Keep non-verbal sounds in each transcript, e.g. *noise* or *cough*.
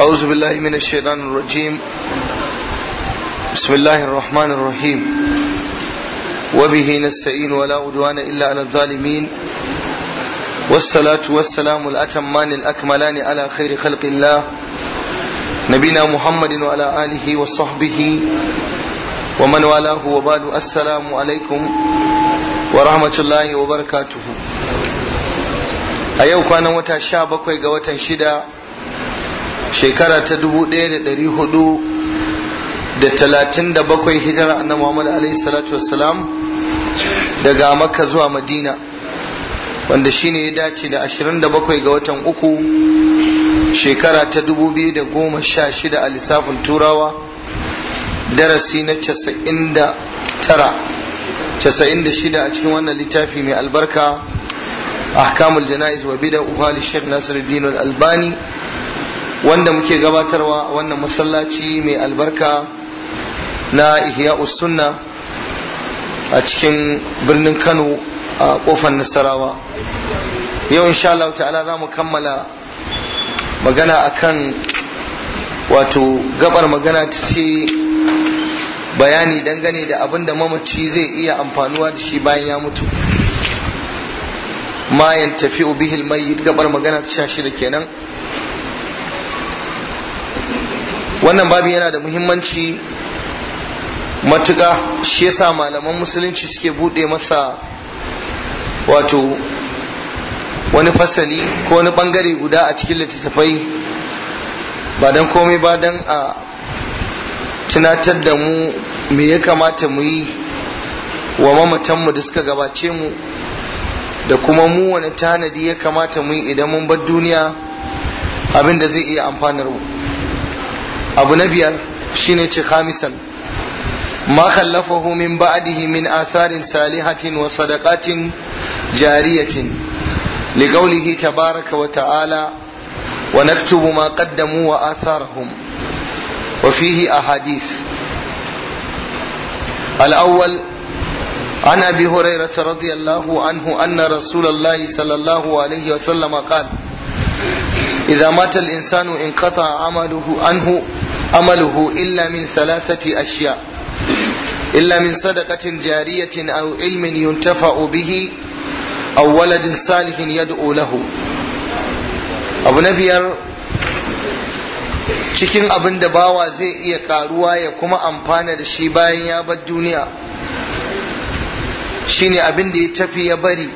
أعوذ بالله من الشيطان الرجيم بسم الله الرحمن الرحيم وبه نستعين ولا عدوان إلا على الظالمين والصلاة والسلام الأتمان الأكملان على خير خلق الله نبينا محمد وعلى آله وصحبه ومن والاه وبعد السلام عليكم ورحمة الله وبركاته أيوكان وتا شابك ويقوة شدا shekara ta 1437 hijira annabi Muhammad alaihi salatu wassalam daga Makka zuwa Madina wanda shine ya dace da 27 ga watan uku shekara ta 2016 a lissafin turawa darasi na 96 a cikin wannan littafi mai albarka ahkamul janayiz wa bida'uha li Sheikh Nasiruddin Al-Albani wanda muke gabatarwa wannan masallaci mai albarka na ihya sunna a cikin birnin kano a kofar nasarawa yau insha Allah ta'ala za mu kammala magana akan wato gabar magana ta ce bayani dangane da abin da mamaci zai iya amfanuwa da shi bayan ya mutu Mayan yantafi bihil mai gabar magana ta sha da kenan wannan babi yana da muhimmanci matuka shi yasa malaman musulunci suke bude masa wato wani fasali ko wani bangare guda a cikin littattafai ba don komai ba don a tunatar da mu me ya kamata mu yi wa mamatanmu da suka gabace mu da kuma mu wani tanadi ya kamata mu yi idan mun bar duniya abin da zai iya amfanar abu na biyar shine ce khamisan ma khallafahu min ba'dihi min atharin salihatin wa sadaqatin jariyatin li qawlihi tabaraka wa ta'ala wa naktubu ma qaddamu wa atharahum wa fihi ahadith al-awwal عن ابي هريره رضي الله عنه ان رسول الله صلى الله عليه وسلم قال اذا مات الانسان انقطع عمله عنه Amalhu illa min salasati ashiya illa min sadaqatin jariyatin aw ilmin yuntafa'u bihi aw waladin salihin yad'u lahu abu na biyar cikin abin da bawa zai iya karuwa ya kuma amfana da shi bayan ya bar duniya shine abin da ya tafi ya bari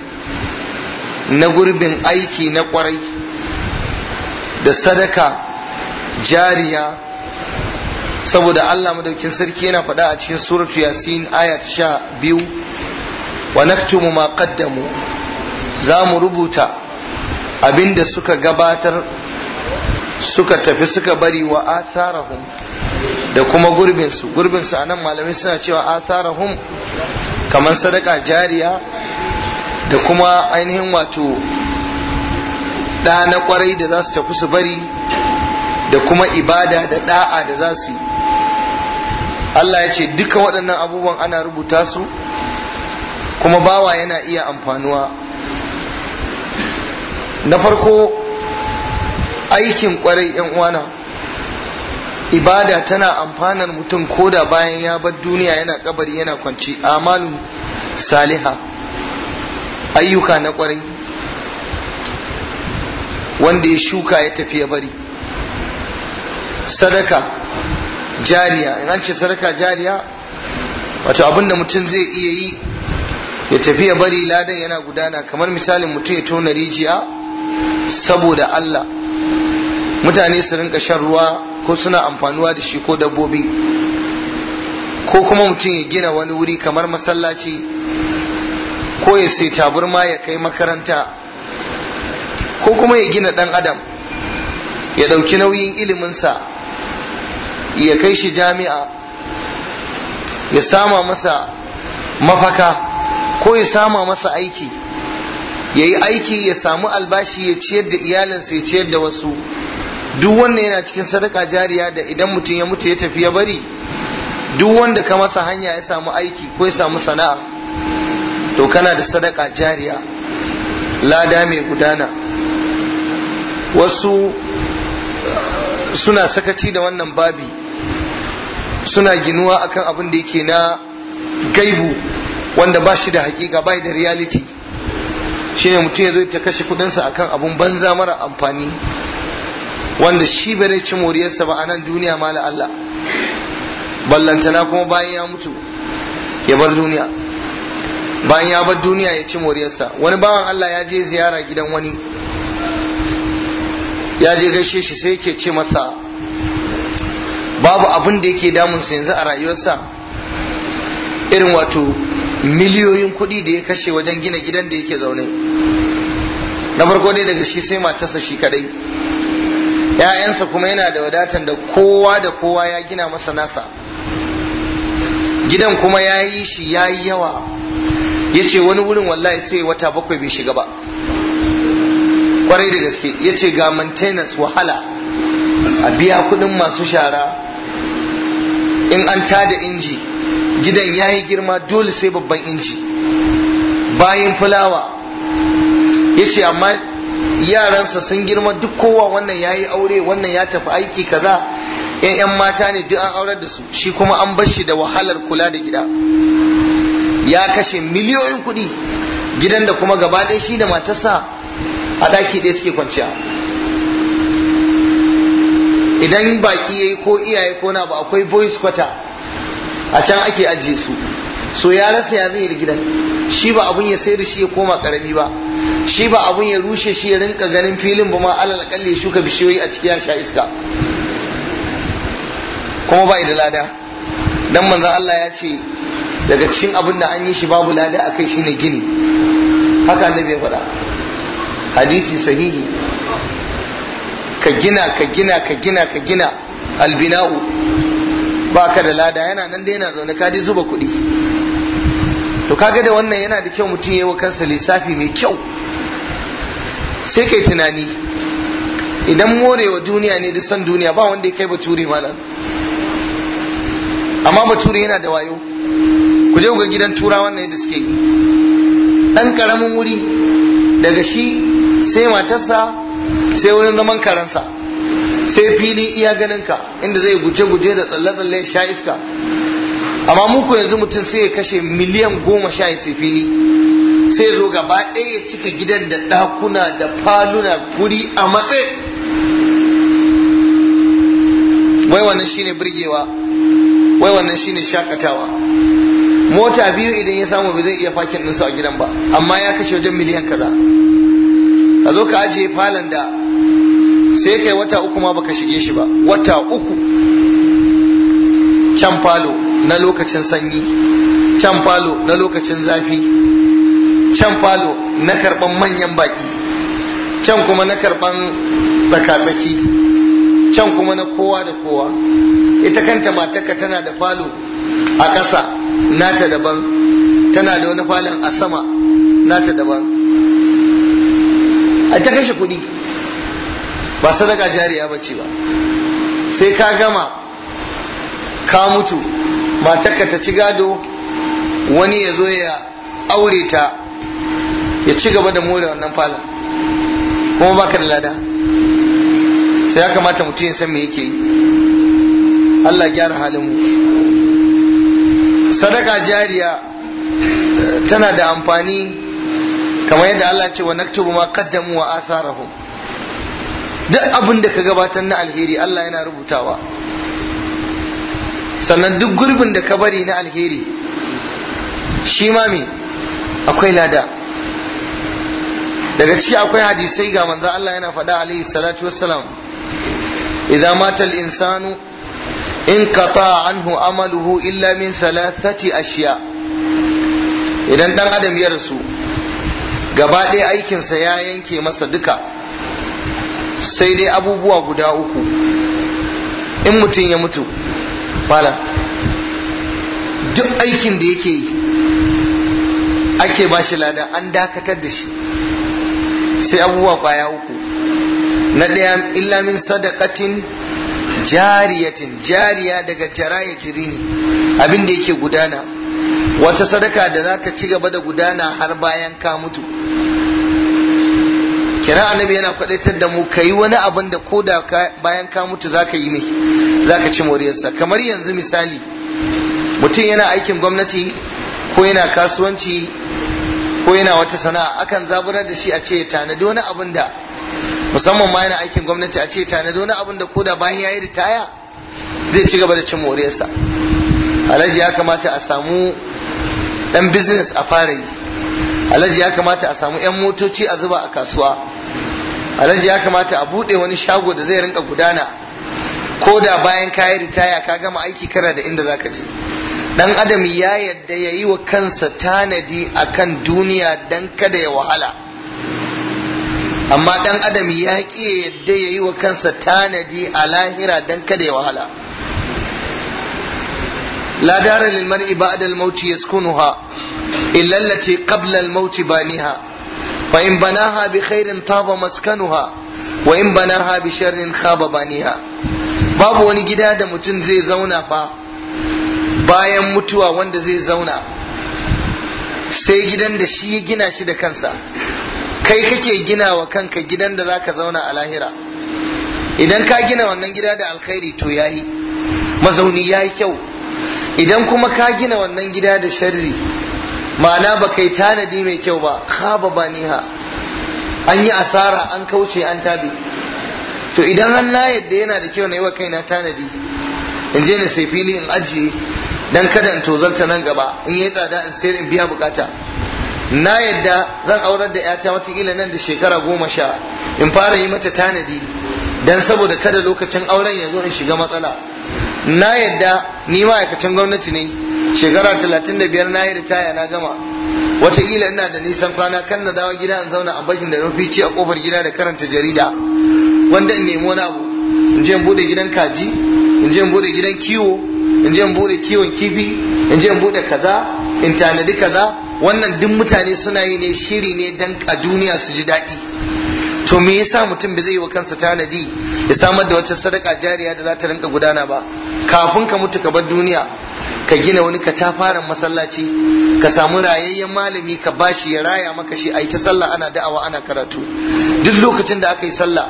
na gurbin aiki na kwarai da sadaka jariya saboda Allah madaukin sarki yana faɗa a cikin suratu yasin aya ta sha biyu wa naktumu ma qaddamu za mu rubuta abinda suka gabatar suka tafi suka bari wa atharahum da kuma gurbinsu gurbinsu a nan malamai suna cewa atharahum kamar sadaka jariya da kuma ainihin wato ɗa na kwarai da za su tafi su bari da kuma ibada da ɗa'a da za su yi Allah ya ce duka waɗannan abubuwan ana rubuta su kuma bawa yana iya amfanuwa na farko aikin kwarai yan uwana ibada tana amfanar mutum ko da bayan ya bar duniya yana kabari yana kwanci amalun saliha ayyuka na kwarai wanda ya shuka ya tafi ya bari sadaka jariya in an ce sadaka jariya wato abinda mutum zai iya yi ya tafi ya bari ladan yana gudana kamar misalin mutum ya tona rijiya saboda Allah mutane su rinka shan ruwa ko suna amfanuwa da shi ko dabbobi ko kuma mutum ya gina wani wuri kamar masallaci ko ya sai taburma ya kai makaranta ko kuma ya gina dan adam ya ɗauki nauyin iliminsa ya kai shi jami'a ya sama masa mafaka ko ya sama masa aiki ya yi aiki ya samu albashi ya ciyar da iyalinsa ya ciyar da wasu duk wanda yana cikin sadaka jariya da idan mutum ya mutu ya tafi ya bari duk wanda ka masa hanya ya samu aiki ko ya samu sana'a to kana da sadaka jariya lada mai gudana wasu suna sakaci da wannan babi suna ginuwa akan abin da yake na gaibu wanda ba shi da hakika ba da reality shi ne mutum ya zo ta kashe kudinsa akan abun banza mara amfani wanda shi ba ci moriyarsa ba a nan duniya ma Allah ballantana kuma bayan ya mutu ya bar duniya bayan ya bar duniya ya ci moriyarsa wani bawan Allah ya je ziyara gidan wani ya je gaishe shi sai yake ce masa babu abin da yake damunsa yanzu a rayuwarsa irin wato miliyoyin kuɗi da ya kashe wajen gina gidan da yake zaune na farko dai daga shi sai matarsa shi kadai ‘ya'yansa kuma yana da wadatan da kowa da kowa ya gina masa nasa gidan kuma ya yi shi ya yi yawa ya ce wani wurin wallahi sai wata bakwai bai shiga ba kwarai da gaske ya ce ga maintenance wahala a biya kudin masu shara in an tada inji gidan ya yi girma dole sai babban inji bayan fulawa ya ce amma yaransa sun girma duk kowa wannan ya yi aure wannan ya tafi aiki kaza yan yan mata ne duk an aurar da su shi kuma an bar shi da wahalar kula da gida ya kashe miliyoyin kuɗi gidan da kuma gaba shi da matarsa a ɗaki ɗaya suke kwanciya idan baki yayi ko iyaye ko na ba akwai voice kwata a can ake ajiye su so ya rasa ya zai gida shi ba abun ya sai da shi ya koma karami ba shi ba abun ya rushe shi ya rinka ganin filin ba ma alal ya shuka bishiyoyi a cikin sha iska kuma ba da lada dan manzon Allah ya ce daga cikin abin da an yi shi babu lada akai shine gini haka annabi ya faɗa hadisi sahihi ka gina ka gina ka gina ka gina albina'u ba ka da lada yana nan da yana zaune ka dai zuba kuɗi to kaga da wannan yana da kyau mutum ya yi wa kansa lissafi mai kyau sai kai tunani idan morewa duniya ne da san duniya ba wanda ya kai bature malam amma bature yana da wayo ku je ga gidan turawa wannan yadda suke yi ɗan ƙaramin wuri daga shi sai matarsa sai wurin zaman karansa sai fili iya ganinka inda zai guje-guje da tsalle-tsalle sha iska amma muku yanzu mutum sai ya kashe miliyan goma sha isa fili sai zo gaba ɗaya ya cika gidan da ɗakuna da faluna guri a matse wai wannan shine birgewa wai wannan shine shakatawa mota biyu idan ya samu ba zai iya fakin ɗinsu a gidan ba amma ya kashe wajen miliyan kaza a zo ka ajiye falon da sai kai wata uku ma baka shige shi ba wata uku can falo na lokacin sanyi can falo na lokacin zafi can falo na karban manyan baki can kuma na karban tsaka-tsaki can kuma na kowa da kowa ita kanta matarka tana da falo a ƙasa nata daban tana da wani falon a sama nata daban a ta kashe kuɗi ba sadaka jariya ba ce ba sai ka gama ka mutu matarka ta ci gado wani ya zo ya aure ta ya ci gaba da more wannan falon kuma baka da lada sai ya kamata mutum ya san me yake yi Allah gyara halin mu sadaka jariya eh, tana da amfani kamar yadda Allah ce wa naktubu ma qaddamu wa atharahum duk abin da ka gabatar na alheri Allah yana rubutawa sannan duk gurbin da ka bari na alheri shi ma me akwai lada daga ciki akwai hadisai ga manzo Allah yana faɗa alaihi salatu wassalam idza mata al-insanu in qata anhu amaluhu illa min thalathati ashiya idan dan adam ya rasu gaba ɗaya aikinsa ya yanke masa duka sai dai abubuwa guda uku in mutum ya mutu malam duk aikin da yake yi ake ba shi lada an dakatar da shi sai abubuwa kwaya uku na ɗaya illamin sadakatin jariyatin jariya daga jara ya jiri ne abin da yake gudana wata sadaka da za ta ci gaba da gudana har bayan ka mutu kira annabi yana kwadaitar da mu kai wani abin da ko da bayan ka mutu za ka yi mai za ka ci moriyarsa kamar yanzu misali mutum yana aikin gwamnati ko yana kasuwanci ko yana wata sana'a akan zaburar da shi a ce tanadi wani abin da musamman ma yana aikin gwamnati a ce tanadi wani abin da ko da bayan ya yi ritaya zai ci gaba da cin moriyarsa alhaji ya kamata a samu Ɗan business a fara yi alhaji ya kamata a samu yan motoci a zuba a kasuwa alhaji ya kamata a buɗe wani shago da zai rinka gudana ko da bayan kayi ritaya ka gama aiki kana da inda zaka je dan adam ya yadda ya yi wa kansa tanadi a kan duniya dan kada ya wahala amma dan adam ya ƙi yadda ya yi wa kansa tanadi a lahira dan kada ya wahala la dara lil mar'i ba'da al maut yaskunuha illa allati qabla al baniha fa in banaha bi khairin taba maskanuha wa in bana Habi sharrin khaba baniha babu wani gida da mutum zai zauna ba bayan mutuwa wanda zai zauna sai gidan da shi ya gina shi da kansa kai kake gina wa kanka gidan da zaka zauna a lahira idan ka gina wannan gida da alkhairi to yayi mazauni yayi kyau idan kuma ka gina wannan gida da sharri ma'ana ba kai tanadi mai kyau ba khaba baniha an yi asara an kauce an tabi to idan an na yadda yana da kyau na yi wa kaina tanadi in je na sai fili in ajiye dan kada in tozarta nan gaba in yi tsada in sayar in biya bukata na yadda zan aurar da yata watakila nan da shekara goma sha in fara yi mata tanadi dan saboda kada lokacin auren ya zo in shiga matsala na yadda ni ma'aikacin gwamnati ne shekara talatin da biyar na yi ritaya na gama watakila ina da nisan kwana kan na dawa gida in zauna a bashin da rufici a kofar gida da karanta jarida wanda in nemi wani abu in je in bude gidan kaji in je in bude gidan kiwo in je in bude kiwon kifi in je in bude kaza in tanadi kaza wannan duk mutane suna yi ne shiri ne dan a duniya su ji daɗi to me yasa mutum bai zai yi wa kansa tanadi ya samar da wata sadaka jariya da za ta rinka gudana ba kafin ka mutu ka bar duniya ka gina wani katafaren masallaci ka samu rayayyen malami ka bashi ya raya maka shi a yi ta sallah ana da'awa ana karatu duk lokacin da aka yi sallah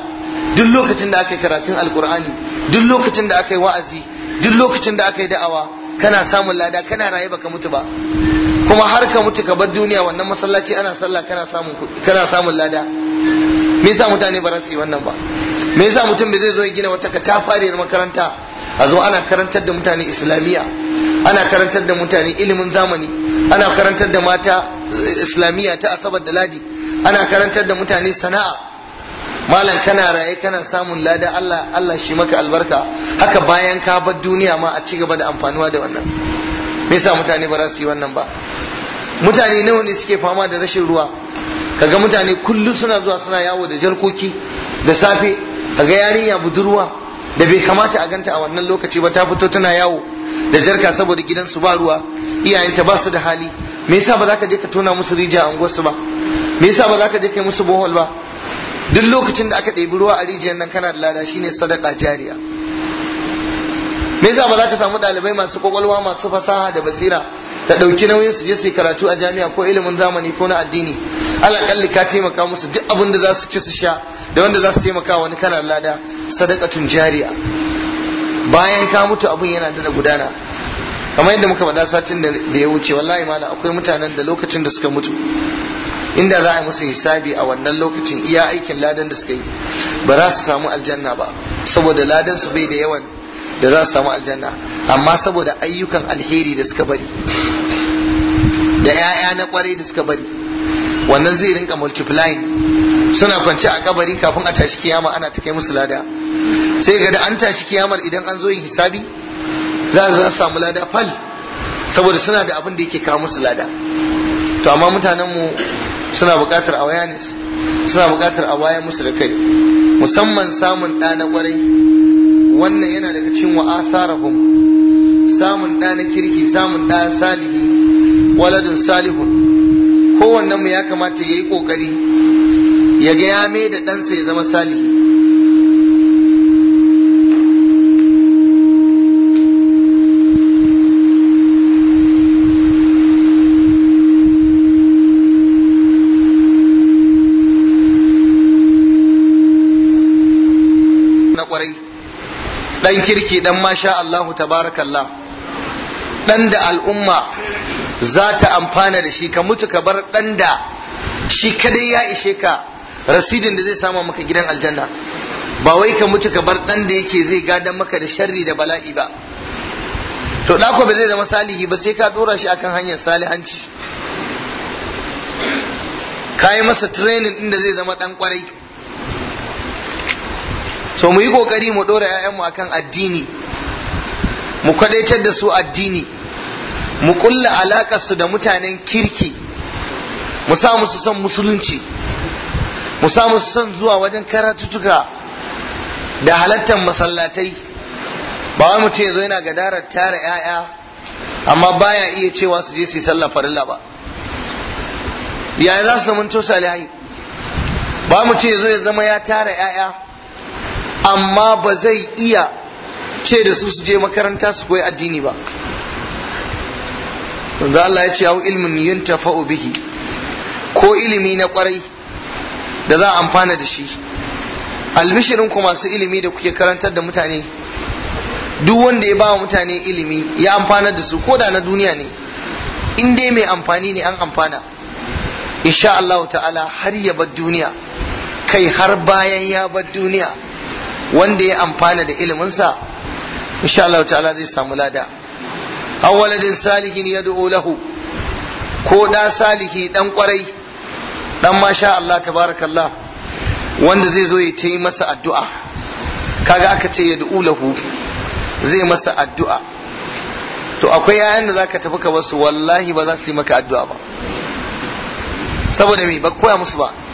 duk lokacin da aka yi karatun alkur'ani duk lokacin da aka yi wa'azi duk lokacin da aka yi da'awa kana samun lada kana raye baka mutu ba kuma har ka mutu ka bar duniya wannan masallaci ana sallah kana samun kana samun lada me yasa mutane ba su yi wannan ba me yasa mutum bai zai zo ya gina wata katafariyar makaranta a zo ana karantar da mutane islamiyya ana karantar da mutane ilimin zamani ana karantar da mata eh, islamiyya ta asabar da ladi ana karantar da mutane sana'a malam kana raye kana samun lada Allah Allah shi maka albarka haka bayan ka bar duniya ma a ci gaba da amfanuwa da wannan me yasa mutane ba za su yi wannan ba mutane nawa ne suke fama da rashin ruwa kaga mutane kullum suna zuwa suna yawo da jarkoki da safe kaga yarinya budurwa da bai kamata a ganta a wannan lokaci ba ta fito tana yawo da jarka saboda gidan su ba ruwa iyayenta ba su da hali me yasa ba za ka je ka tona musu rijiya a unguwarsu ba me yasa ba za ka je kai musu bohol ba duk lokacin da aka ɗebi ruwa a rijiyar nan kana da lada shine sadaka jariya me yasa ba za ka samu ɗalibai masu kwakwalwa masu fasaha da basira Ka ɗauki nauyin su je su karatu a jami'a ko ilimin zamani ko na addini alaƙalli ka taimaka musu duk abin da za su ci su sha da wanda za su taimaka wani kana lada sadakatun jariya bayan ka mutu abin yana da gudana kamar yadda muka faɗa satin da ya wuce wallahi mala akwai mutanen da lokacin da suka mutu inda za a musu hisabi a wannan lokacin iya aikin ladan da suka yi ba za su samu aljanna ba saboda ladan su bai da yawan da za su samu aljanna amma saboda ayyukan alheri da suka bari da 'ya'ya na kwarai da suka bari wannan zai rinka multiplying suna kwance a kabari kafin a tashi kiyama ana ta kai musu lada sai ga da an tashi kiyamar idan an zo yin hisabi za su samu lada fal saboda suna da abin da yake kawo musu lada to amma mutanen mu suna buƙatar awareness suna buƙatar a wayan musu da kai musamman samun ɗa na kwarai wannan yana daga cin wa asarahum samun ɗa na kirki samun ɗa salihi waladun salihun kowannen mu ya kamata ya yi ƙoƙari ya ga mai da ɗansa ya zama salihi dan kirki dan masha Allahu tabarakallah dan da al'umma za ta amfana da shi ka mutu ka bar dan da shi kadai ya ishe ka rasidin da zai sama maka gidan aljanna ba wai ka mutu ka bar dan da yake zai gadan maka da sharri da bala'i ba to dako ba zai zama salihi ba sai ka dora shi akan hanyar salihanci ka yi masa training din da zai zama dan kwarai to mu yi kokari mu dora ƴaƴanmu akan addini mu kwadaitar da su addini mu kulla alakar su da mutanen kirki mu sa musu son musulunci mu sa musu son zuwa wajen karatutuka da halartar masallatai ba wai mutum ya zo yana gadarar tara ƴaƴa amma baya iya cewa su je su yi sallah farilla ba yaya za su zama tosa layi. ba mutum ya zo ya zama ya tara 'ya'ya. amma ba zai iya ce da su su je makaranta su koyi addini ba wanda Allah ya ce au ilmin yuntafa'u bihi ko ilimi na kwarai da za a amfana da shi albishirin ku masu ilimi da kuke karantar da mutane duk wanda ya ba wa mutane ilimi ya amfana da su ko da na duniya ne in dai mai amfani ne an amfana insha Allah ta'ala har ya bar duniya kai har bayan ya bar duniya wanda ya amfana da iliminsa insha Allah ta'ala zai samu lada aw waladin salihin yad'u lahu ko da salihi dan kwarai dan masha Allah tabarakallah wanda zai zo ya yi masa addu'a kaga aka ce yad'u lahu zai masa addu'a to akwai yayan da zaka tafi ka basu wallahi ba za su yi maka addu'a ba saboda me ba koya musu ba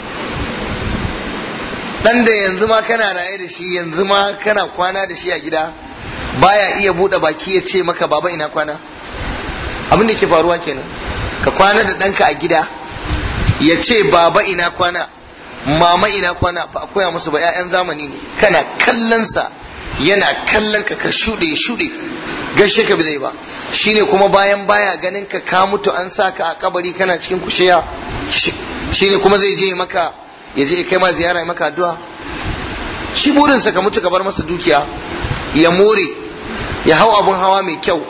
dan da yanzu ma kana raye da shi yanzu ma kana kwana da shi a gida baya iya bude baki ya ce maka baba ina kwana abin da ke faruwa kenan ka kwana da danka a gida ya ce baba ina kwana mama ina kwana ba a koya musu ba ƴaƴan zamani ne kana kallonsa yana kallon ka ka shuɗe shuɗe gashe ka zai ba shine kuma bayan baya ganin ka ka mutu an sa ka a kabari kana cikin kushiya shine kuma zai je maka ya je kai ma ziyara ya maka addu'a shi burinsa ka mutu ka bar masa dukiya ya more ya hau abun hawa mai kyau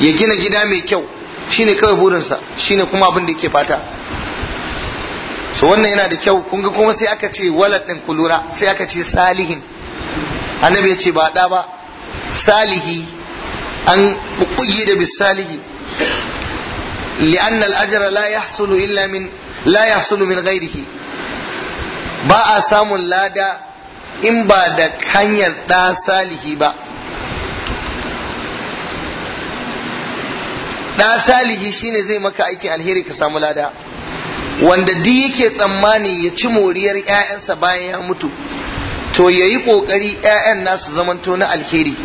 ya gina gida mai kyau shine kawai burinsa shine kuma abin da yake fata so wannan yana da kyau kun ga kuma sai aka ce walad din kulura sai aka ce salihin annabi ya ce ba da ba salihi an kuyi da bisalihi li'anna al-ajra la yahsulu illa min la yahsulu min ghairihi ba a samun lada in ba da hanyar ɗa salihi ba ɗa salihi shine zai maka aikin alheri ka samu lada wanda duk yake tsammani ya ci moriyar 'ya'yansa bayan ya mutu to ya yi ƙoƙari 'ya'yan nasu zamanto na alheri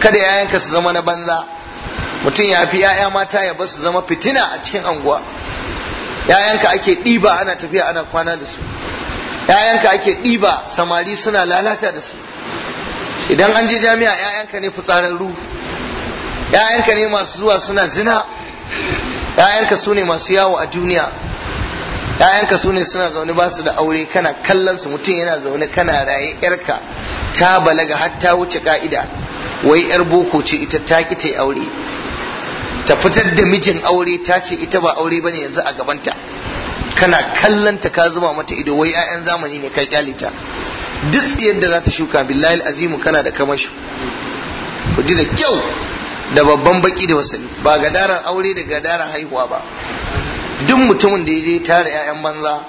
kada 'ya'yanka su zama na banza mutum ya fi 'ya'ya mata ya su zama fitina a cikin anguwa 'ya'yanka ake ɗiba ana tafiya ana kwana da su ‘ya'yanka ake ɗiba samari suna lalata da su idan an je jami'a ‘ya'yanka ne fitsararru ‘ya'yanka ne masu zuwa suna zina ‘ya'yanka su ne masu yawo a duniya ‘ya'yanka su ne suna zaune ba su da aure kana kallon su mutum yana zaune kana raye ‘yarka ta balaga har ta wuce ka'ida wai ‘yar boko ce ita ta ki ta aure ta fitar da mijin aure ta ce ita ba aure bane yanzu a gabanta kana kallanta ka zuba mata ido wai 'ya'yan zamani ne kai kyalita duk yadda za ta shuka billahi azimu kana da shi ku ji da kyau da babban baki da wasani ba gadarar aure da gadarar haihuwa ba duk mutumin da ya je tara 'ya'yan banza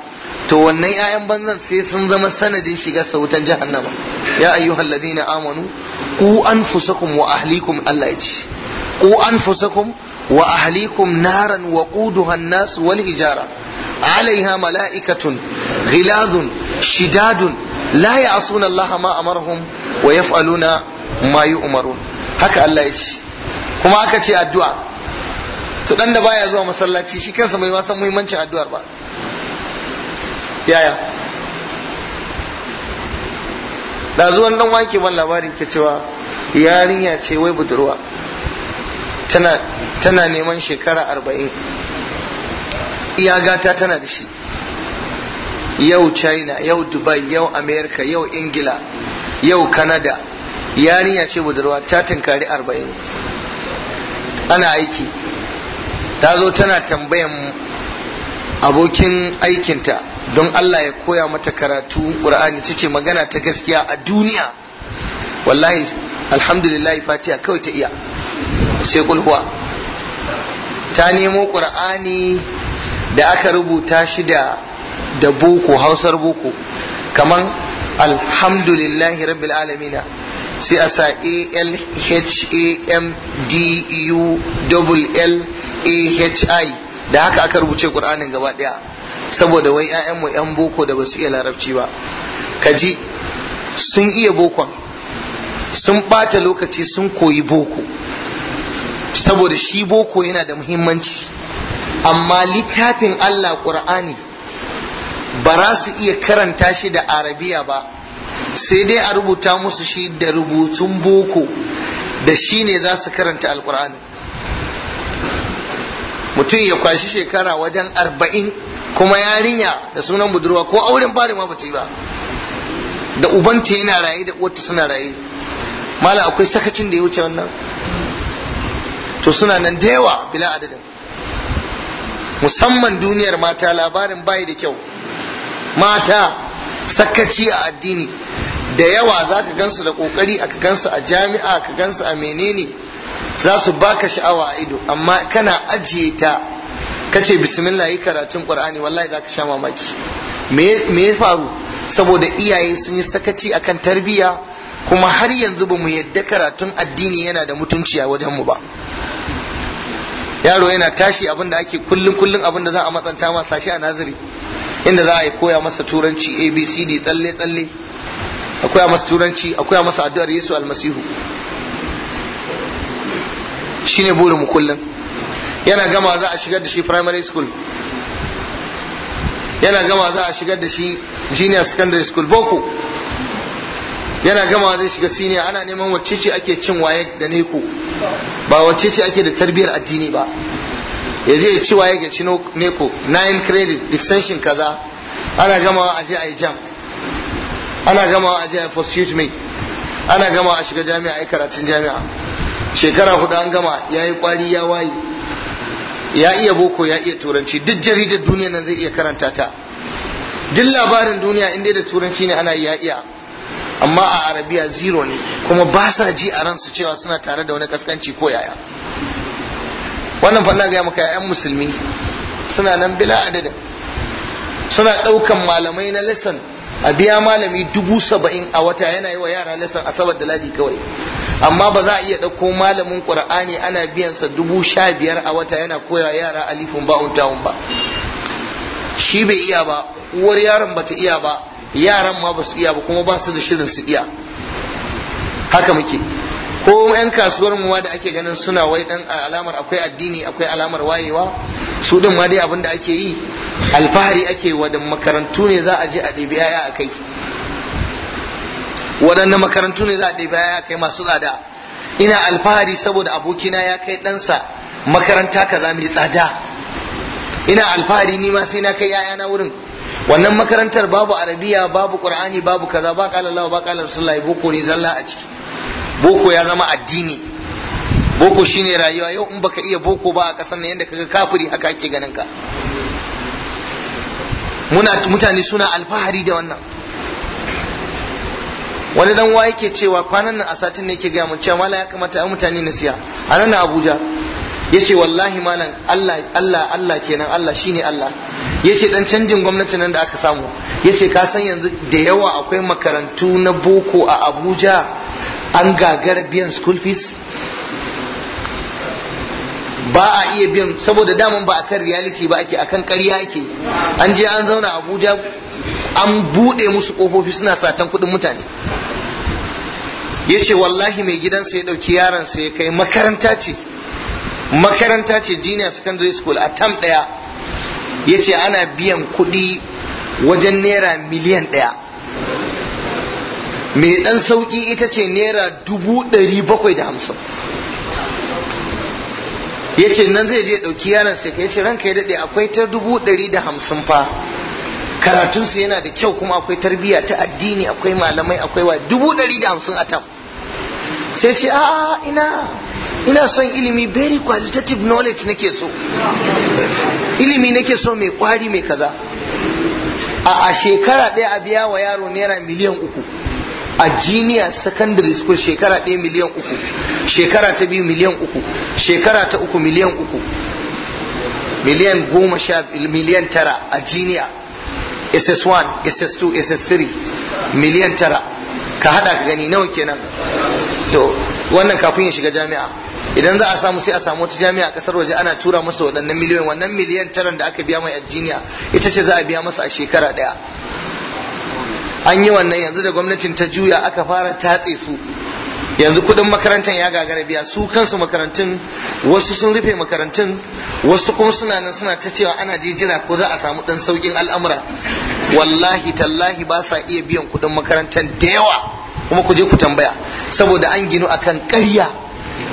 to wannan 'ya'yan banzan sai sun zama sanadin shiga sautan jahannama ya ayyuhal ladina amanu ku anfusakum wa ahlikum Allah ya ci ku anfusakum wa ahlikum naran wa quduha an-nas wal hijara alaiha mala'ikatun ghiladun shidadun la ya'suna Allah ma amarhum wa yaf'aluna ma yu'marun haka Allah ya ce kuma aka ce addu'a to dan da baya zuwa masallaci shi kansa bai ma san muhimmancin addu'ar ba yaya da zuwan dan wake ban labari ke yarinya ce wai budurwa tana neman shekara arba'in iya gata tana da shi yau china yau dubai yau Amerika, yau ingila yau canada yarinya ce budurwa ta tunkari arba'in ana aiki ta zo tana tambayan abokin aikinta don allah ya koya mata karatu ƙur'ani ta ce magana ta gaskiya a duniya wallahi alhamdulillah fatiha kawai ta iya sai huwa ta nemo ƙur'ani da aka rubuta shi da da boko hausar boko kaman alhamdulillahi rabbil alamina sai a sa I da haka aka rubuce ƙur'anin gaba ɗaya saboda wai mu 'yan boko da basu iya larabci ba kaji sun iya bokon sun bata lokaci sun koyi boko saboda shi boko yana da muhimmanci amma littafin Allah ƙur'ani ba za su iya karanta shi da arabiya ba sai dai a rubuta musu shi da rubutun boko da shi ne za su karanta alƙur'ani mutum ya kwashi shekara wajen arba'in kuma yarinya da sunan budurwa ko auren fari ma bata yi ba da ubanta yana raye da uwarta suna raye mala akwai sakacin da ya wuce wannan to suna nan da yawa bila adadin musamman duniyar mata labarin bai da kyau mata sakaci a addini da yawa za ka gansu da kokari aka gansu a jami'a ka gansu a menene za su baka sha'awa a ido amma kana ajiye ta kace bismillah yi karatun qur'ani wallahi za ka sha mamaki me ya faru saboda iyaye sun yi sakaci akan tarbiyya kuma har yanzu ba mu yadda karatun addini yana da mutunci a wajenmu ba yaro yana tashi abin da ake kullum kullum abin da za a matsanta masa shi a naziri inda za a yi koya masa turanci abcd tsalle tsalle a koya masa turanci a koya masa addu'ar yesu almasihu shine burin mu kullum yana gama za a shigar da shi primary school yana gama za a shigar da shi junior secondary school boko yana gama zai shiga siniya ana neman wacce ce ake cin waye da neko ba wacce ce ake da tarbiyyar addini ba ya je ya ci waye ga ci neko nine credit extension kaza ana gamawa a je a yi jam ana gamawa a je a pursuit me ana gama a shiga jami'a yi karatun jami'a shekara hudu an gama ya yi kwari ya wayi ya iya boko ya iya turanci duk jaridar duniya nan zai iya karanta ta duk labarin duniya in dai da turanci ne ana ya iya amma a arabiya zero ne kuma ba sa ji a ransu cewa suna tare da wani kaskanci ko yaya wannan fa ga maka yayan musulmi suna nan bila adadin suna ɗaukan malamai na lesson a biya malami dubu saba'in a wata yana yi wa yara lesson asabar da ladi kawai amma ba za a iya ɗauko malamin ƙur'ani ana biyansa dubu sha biyar a wata yana koya yara alifin ba'un ta'un ba shi bai iya ba uwar yaron bata iya ba yaran ma ba su iya ba kuma ba su da shirin su iya haka muke ko yan kasuwar mu da ake ganin suna wai dan alamar akwai addini akwai alamar wayewa su din ma dai abin da ake yi alfahari ake wa makarantu ne za a je a ɗebi yaya a kai waɗannan makarantu ne za a ɗebi yaya a kai masu tsada ina alfahari saboda abokina ya kai ɗansa makaranta kaza mai tsada ina alfahari ni ma sai na kai na wurin wannan makarantar babu arabiya babu qur'ani babu kaza ba qala Allah ba qala rasulullah boko ne zalla a ciki boko ya zama addini boko shine rayuwa yau in baka iya boko ba a kasan nan yanda kaga kafiri haka ake ganin ka muna mutane suna alfahari da wannan wani dan wa yake cewa kwanan nan a satin ne yake ga mun cewa mala ya kamata ai mutane siya anan nan Abuja yace wallahi malam Allah Allah Allah kenan Allah shine Allah yace dan canjin gwamnati nan da aka samu yace ka san yanzu da yawa akwai makarantu na boko a Abuja an gagara biyan school fees ba a iya biyan saboda daman ba a kan reality ba ake akan ƙarya ake an je an zauna Abuja an bude musu kofofi suna satan kudin mutane yace wallahi mai gidansa ya ɗauki sa ya kai makaranta ce makaranta ce junior secondary school a tam ɗaya ya ce ana biyan kuɗi wajen naira miliyan ɗaya mai ɗan sauƙi ita ce naira dubu ɗari bakwai da hamsin ya ce nan zai je ɗauki yaron sai ka ya ce ranka ya daɗe akwai ta dubu ɗari da hamsin fa karatunsu yana da kyau kuma akwai tarbiyya ta addini akwai malamai akwai wa dubu ɗari da hamsin a tam sai ce a ina ina son ilimi very qualitative knowledge nake so ilimi nake so mai kwari mai kaza a a shekara ɗaya a biya wa yaro naira miliyan uku a junior secondary school shekara ɗaya miliyan uku shekara ta biyu miliyan uku shekara ta uku miliyan uku miliyan goma sha miliyan tara a junior ss1 ss2 ss3 miliyan tara ka hada ka gani nawa kenan to wannan kafin ya shiga jami'a idan za a samu sai a samu wata jami'a a kasar waje ana tura masa waɗannan miliyoyin wannan miliyan taran da aka biya mai injiniya ita ce za a biya masa a shekara ɗaya an yi wannan yanzu da gwamnatin ta juya aka fara tatse su yanzu kudin makarantar ya gagara biya su kansu makarantun wasu sun rufe makarantun wasu kuma suna nan suna ta cewa ana jijira ko za a samu dan saukin al'amura wallahi tallahi ba sa iya biyan kudin makarantar da yawa kuma ku je ku tambaya saboda an ginu akan ƙarya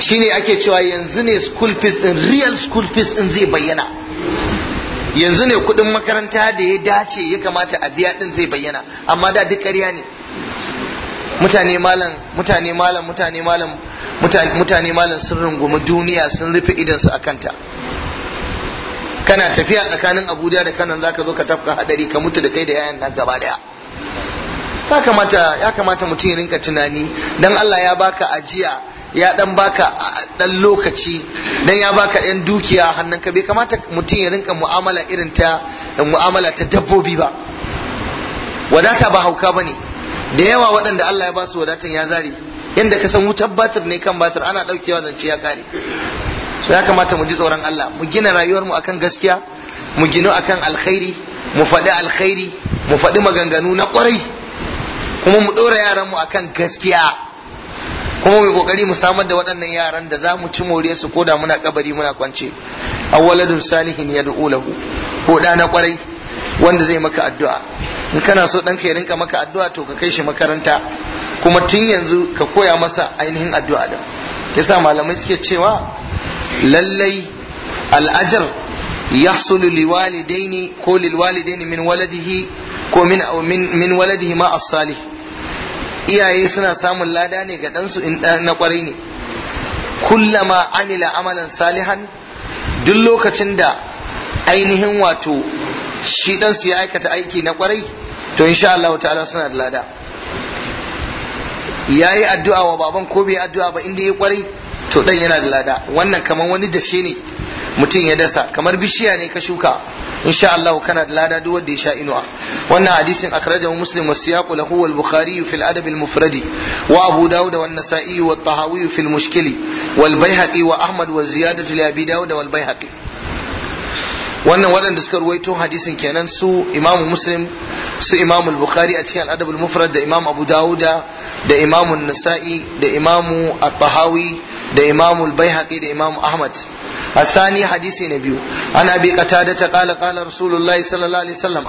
shine ake cewa yanzu ne school fees din real school fees din zai bayyana yanzu ne kudin makaranta da ya dace ya kamata a biya din zai bayyana amma da duk ƙarya ne mutane malam mutane malam mutane malam mutane malam sun rungumi duniya sun rufe idansu a kanta kana tafiya tsakanin abuja da kanan zaka zo ka tafka hadari ka mutu da kai da yayan nan gaba daya ya kamata ya kamata mutum ya rinka tunani dan Allah ya baka ajiya ya dan baka dan lokaci dan ya baka yan dukiya hannun ka bai kamata mutum ya rinka mu'amala irin ta mu'amala ta dabbobi ba wadata ba hauka bane da yawa waɗanda Allah ya ba su wadatan ya zare yadda ka san wutar batir ne kan batir ana ɗaukewa zance ya kare. so ya kamata mu ji tsoron Allah mu gina rayuwar mu akan gaskiya mu ginu akan alkhairi mu faɗi alkhairi mu faɗi maganganu na ƙwarai kuma mu ɗora yaran mu akan gaskiya kuma mu kokari mu samar da waɗannan yaran da za mu ci more su da muna kabari muna kwance awwaladun salihin yad'u lahu ko da na ƙwarai wanda zai maka addu'a in kana so ɗanka ya rinka maka addu'a to ka kai shi makaranta kuma tun yanzu ka koya masa ainihin addu'a din yasa malamai suke cewa lallai al'ajar yahsulu liwalidaini ko lilwalidaini min waladihi ko min min waladihi ma as-salih iyaye suna samun lada ne ga ɗansu in na kwarai ne kullama amila amalan salihan duk lokacin da ainihin wato shi ɗansu ya aikata aiki na kwarai to insha Allah ta'ala suna da lada yayi addu'a wa baban ko bai addu'a ba inda ya kwari to dan yana da lada wannan kamar wani dashe ne mutum ya dasa kamar bishiya ne ka shuka insha Allah kana da lada duk wanda ya sha inuwa wannan hadisin akhrajahu muslim wa siyaqu lahu wal bukhari fi al adab al mufrad wa abu daud wa an-nasa'i wa at-tahawi fi al mushkil wal bayhaqi wa ahmad wa ziyadatu li abi daud wal bayhaqi wannan waɗanda suka ruwaito hadisin kenan su imamu muslim su imamu bukhari a cikin al'adar mufrad da imam abu dawuda da imamu nasa'i da imamu at da imamu al-baihaqi da imamu ahmad الثاني حديث نبي عن ابي قتاده قال قال رسول الله صلى الله عليه وسلم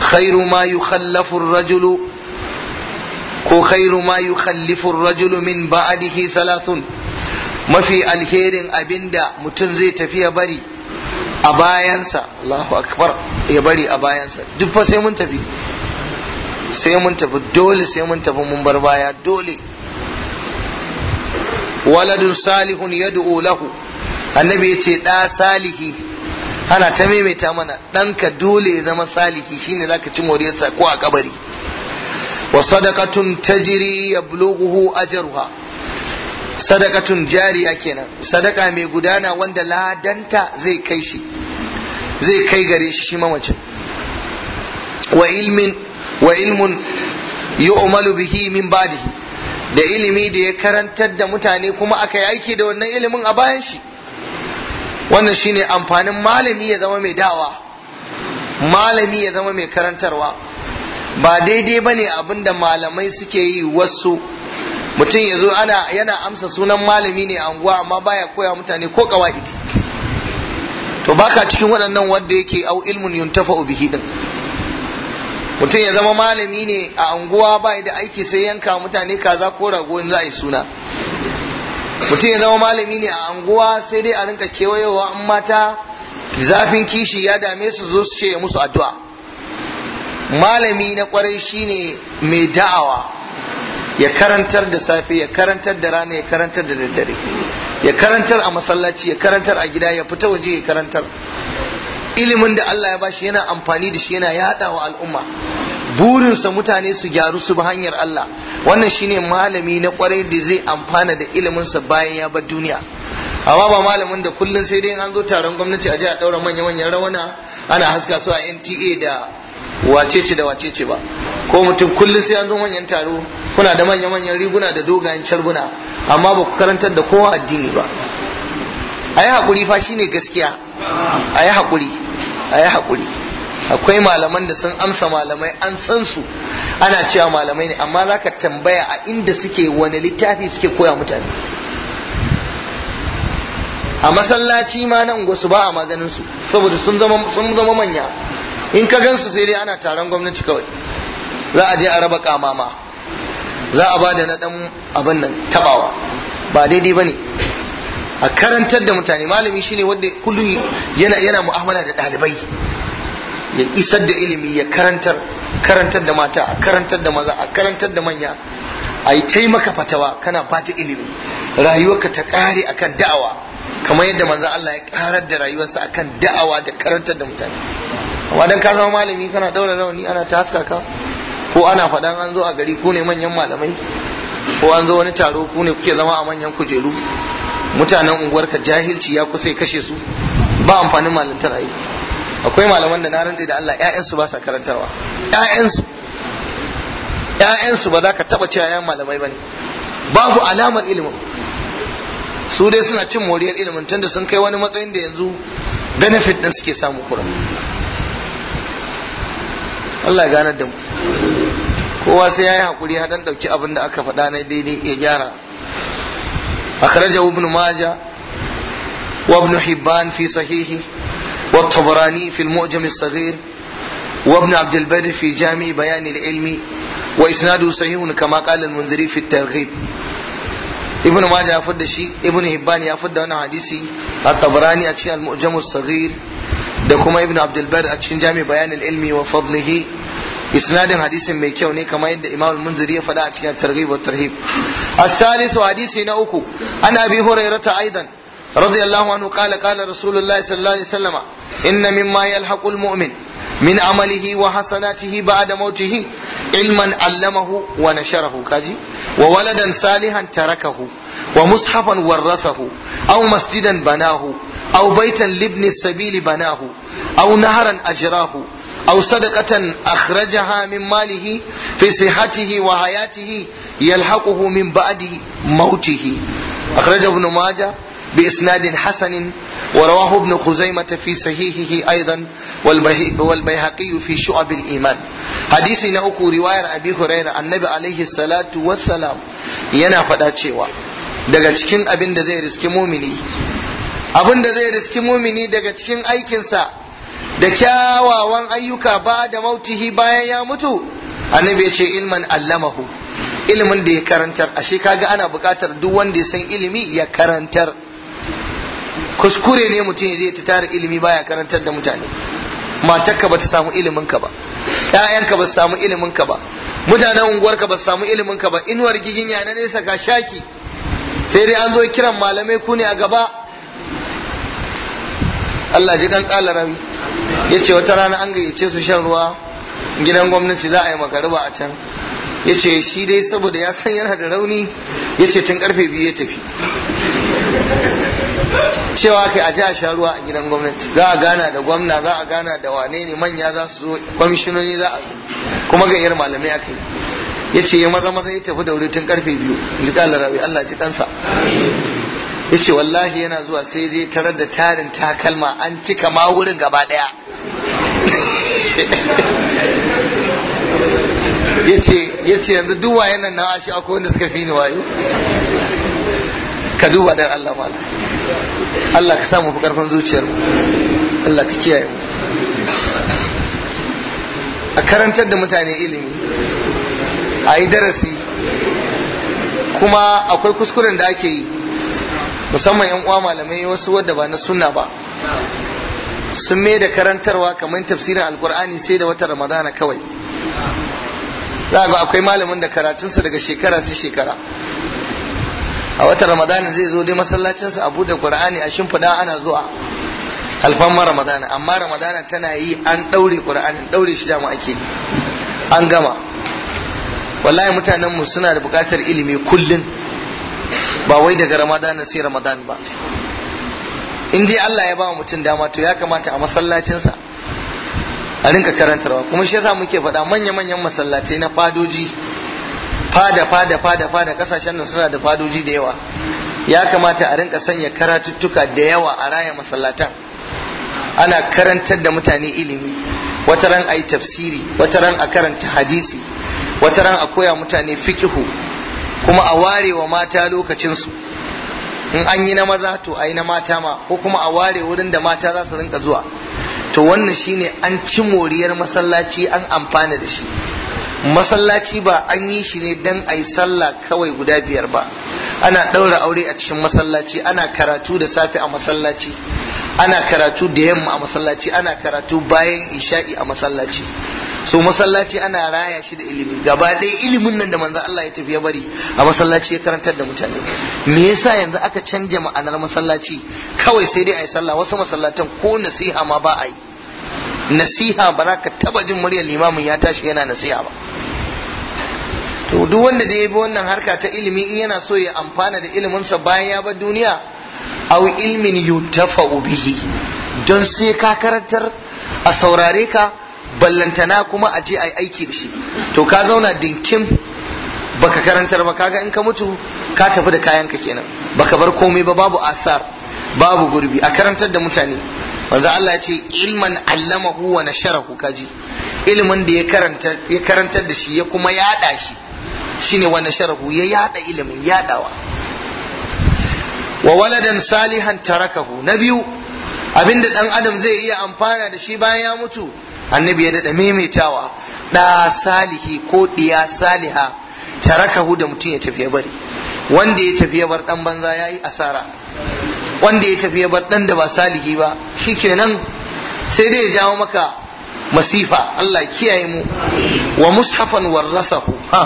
خير ما يخلف الرجل ko khairu ma yukhallifu ar-rajulu min ba'dihi salatun mafi alherin abinda mutum zai tafi ya bari a bayansa Allahu akbar ya bari a bayansa duk fa sai mun tafi sai mun tafi dole sai mun tafi mun bar baya dole waladun salihun yad'u lahu annabi yace da salihi ana ta maimaita mana ɗanka dole ya zama salihi shine zaka ci moriyarsa ko a kabari wa sadaqatun tajri yablughu ajruha sadakatun jariya kenan sadaka mai gudana wanda ladanta zai kai shi zai kai gare shi shi mamacin wa ilmin wa ilmun yu'malu bihi min ba'dihi da ilimi da ya karantar da mutane kuma aka yi aiki da wannan ilimin a bayan shi wannan shine amfanin malami ya zama mai dawa, malami ya zama mai karantarwa ba daidai bane abin da malamai suke yi wasu mutum ya zo yana amsa sunan malami ne a unguwa amma baya koya mutane ko kawa'idi to baka cikin waɗannan wanda yake au ilmun yuntafa'u bihi din mutum ya zama malami ne a anguwa ba da aiki sai yanka mutane kaza ko rago in za a yi suna mutum ya zama malami ne a anguwa sai dai a rinka kewayewa an mata zafin kishi ya dame su zo su ce musu addu'a malami na kwarai shine mai da'awa ya karantar da safe ya karantar da rana ya karantar da daddare ya karantar a masallaci ya karantar a gida ya fita waje ya karantar ilimin da Allah ya bashi yana amfani da shi yana yadawa wa al'umma burinsa mutane su gyaru su bi hanyar Allah wannan shine malami na kwarai da zai amfana da iliminsa bayan ya bar duniya amma ba malamin da kullum sai dai an zo taron gwamnati a je a daura manya manyan rawana ana haska su a NTA da wacece da wacece ba ko mutum kullum sai an zo manyan taro kuna da manya manyan riguna da dogayen carbuna amma ba ku karantar da kowa addini ba a yi haƙuri fa shine gaskiya a yi haƙuri a akwai malaman da sun amsa malamai an san su ana cewa malamai ne amma za ka tambaya a inda suke wani littafi suke koya mutane a masallaci ma nan wasu ba a maganin su saboda sun zama manya in ka gansu sai dai ana taron gwamnati kawai za a je a raba kamama za a ba da na dan abin nan tabawa ba daidai ba ne a karantar da mutane malami shine wanda kullum yana yana mu'amala da ɗalibai ya isar da ilimi ya karantar karantar da mata a karantar da maza a karantar da manya a yi taimaka fatawa kana fata ilimi rayuwarka ta ƙare akan da'awa kamar yadda manzo Allah ya karar da rayuwarsa akan da'awa da karantar da mutane amma dan ka zama malami kana daura rauni ana ta haska ka ko ana faɗan an zo a gari ku ne manyan malamai ko an zo wani taro ku ne kuke zama a manyan kujeru mutanen unguwarka jahilci ya kusa kashe su ba amfanin malantar ayi akwai malaman da na rantse da Allah su ba sa karantarwa ƴaƴan su ba za ka taba cewa ƴaƴan malamai bane babu alamar ilimin su dai suna cin moriyar ilimin tunda sun kai wani matsayin da yanzu benefit din suke samu kura Allah ya ganar da mu kowa sai yayi hakuri ya dan dauki abin da aka faɗa na daidai ya gyara akhrajahu ibn majah wa ibn hibban fi sahihi wa tabarani fi al-mu'jam as-saghir wa ibn abd al-barr fi jami' bayan al-ilmi wa isnaduhu sahihun kama qala al-munziri fi at-targhib ibn majah ya fudda shi ibn hibban ya fudda wannan hadisi at-tabarani a cikin al-mu'jam as da kuma ibn abdul a cikin jami bayan ilimi ilmi wa fadlihi isnadin hadisin mai kyau ne kamar yadda imam al-munziri ya faɗa a cikin at-targhib wa tarhib as-salis hadisi na uku ana bi hurairata aidan radiyallahu anhu qala qala rasulullahi sallallahu alaihi wasallam inna mimma yalhaqul mu'min min amalihi wa hasanatihi ba'da mautihi ilman allamahu wa nasharahu kaji wa waladan salihan tarakahu wa mushafan warrasahu Au masjidan banahu Au baitan libni sabili banahu Au naharan ajrahu أو صدقة أخرجها من ماله في صحته وحياته يلحقه من بعد موته أخرجه ابن ماجه بإسناد حسن ورواه ابن خزيمة في صحيحه أيضا والبيهقي في شعب الإيمان حديثي نأكو رواية أبي هريرة النبي عليه الصلاة والسلام ينا فدا cewa daga cikin abin da zai riski mumini abin da zai riski mumini daga cikin aikinsa da kyawawan ayyuka ba da mautihi bayan ya mutu annabi ya ce ilman allamahu ilimin da ya karantar ashe kaga ana buƙatar duk wanda ya san ilimi ya karantar kuskure ne mutum zai ta tara ilimi baya karantar da mutane matarka ba ta samu ilimin ka ba ƴaƴanka ba su samu ilimin ka ba mutanen unguwarka ba su samu ilimin ka ba inuwar giginya na nesa ka shaki sai dai an zo kiran malamai ku ne a gaba Allah ji kan kala rawi ya wata rana an gayyace su shan ruwa gidan gwamnati za a yi magariba a can yace shi dai saboda ya san yana da rauni yace tun karfe biyu ya tafi cewa kai a ji sha ruwa a gidan gwamnati za a gana da gwamna za a gana da wane ne manya za su zo kwamishinoni za a kuma gayyar malamai aka yi ya ce ya maza maza ya tafi da wuri tun karfe biyu ji rabi Allah ji kansa ya ce wallahi yana zuwa sai zai tarar da tarin takalma an cika ma wurin gaba daya *laughs* ya ce yanzu duwa yanan na ashe akwai wanda suka fi ni wayo ka duba dan Allah malam Allah ka samu fi karfin zuciyar Allah ka kiyaye a karantar da mutane ilimi a yi darasi kuma akwai kuskuren da ake yi musamman yan uwa malamai wasu wadda ba na suna ba sun mai da karantarwa kamar tafsirin alkur'ani sai da wata ramadana kawai za ga akwai malamin da karatunsa daga shekara sai shekara a watan ramadana zai zo dai masallacinsa a buɗe qur'ani a shimfiɗa ana zuwa alfamma ramadana amma ramadana tana yi an ɗaure qur'ani ɗaure shi mu ake an gama wallahi mutanen mu suna da buƙatar ilimi kullun ba wai daga ramadana sai ramadan ba in dai Allah ya ba mutum dama to ya kamata a masallacinsa a rinka karantarwa kuma shi yasa muke faɗa manya-manyan masallatai na fadoji fada fada fada fada kasashen nan suna da fadoji da yawa ya kamata a rinka sanya karatuttuka da yawa a raya masallatan ana karantar da mutane ilimi wata ran a tafsiri wata ran a karanta hadisi wata ran a koya mutane fikihu kuma a ware wa mata lokacinsu in an yi na maza to a yi na mata ma ko kuma a ware wurin da mata za su rinka zuwa to wannan shine an ci moriyar masallaci an amfana da shi masallaci ba an yi shi ne don a sallah kawai guda biyar ba ana ɗaura aure a cikin masallaci ana karatu da safe a masallaci ana karatu da yamma a masallaci ana karatu bayan isha'i a masallaci so masallaci ana raya shi da ilimi gaba ɗaya ilimin nan da manzo Allah ya tafi ya bari a masallaci ya karantar da mutane me yasa yanzu aka canja ma'anar masallaci kawai sai dai a yi sallah wasu masallatan ko nasiha ma ba a yi nasiha ba za ka taba jin muryar limamin ya tashi yana nasiha ba to duk wanda da ya bi wannan harka ta ilimi in yana so ya amfana da iliminsa bayan ya bar duniya aw ilmin yuntafa'u bihi don sai ka karantar a saurare ka ballantana kuma a je a yi aiki da shi to ka zauna dinkin baka karantar ba kaga in ka mutu ka tafi da kayanka kenan baka bar komai ba babu asar babu gurbi a karantar da mutane manzo Allah ya ce ilman allamahu wa nasharahu kaji ilimin da ya karanta ya karantar da shi ya kuma yada shi shine wa nasharahu ya yada ilimin yadawa wa waladan salihan tarakahu na biyu abinda dan adam zai iya amfana da shi bayan ya mutu annabi ya dada maimaitawa da salihi ko diya saliha tarakahu da mutum ya tafi ya bari wanda ya tafi ya bar dan banza ya yi asara wanda ya tafi ya dan da ba salihi ba shikenan sai dai ya jawo maka masifa Allah kiyaye mu wa mushafan warasahu ha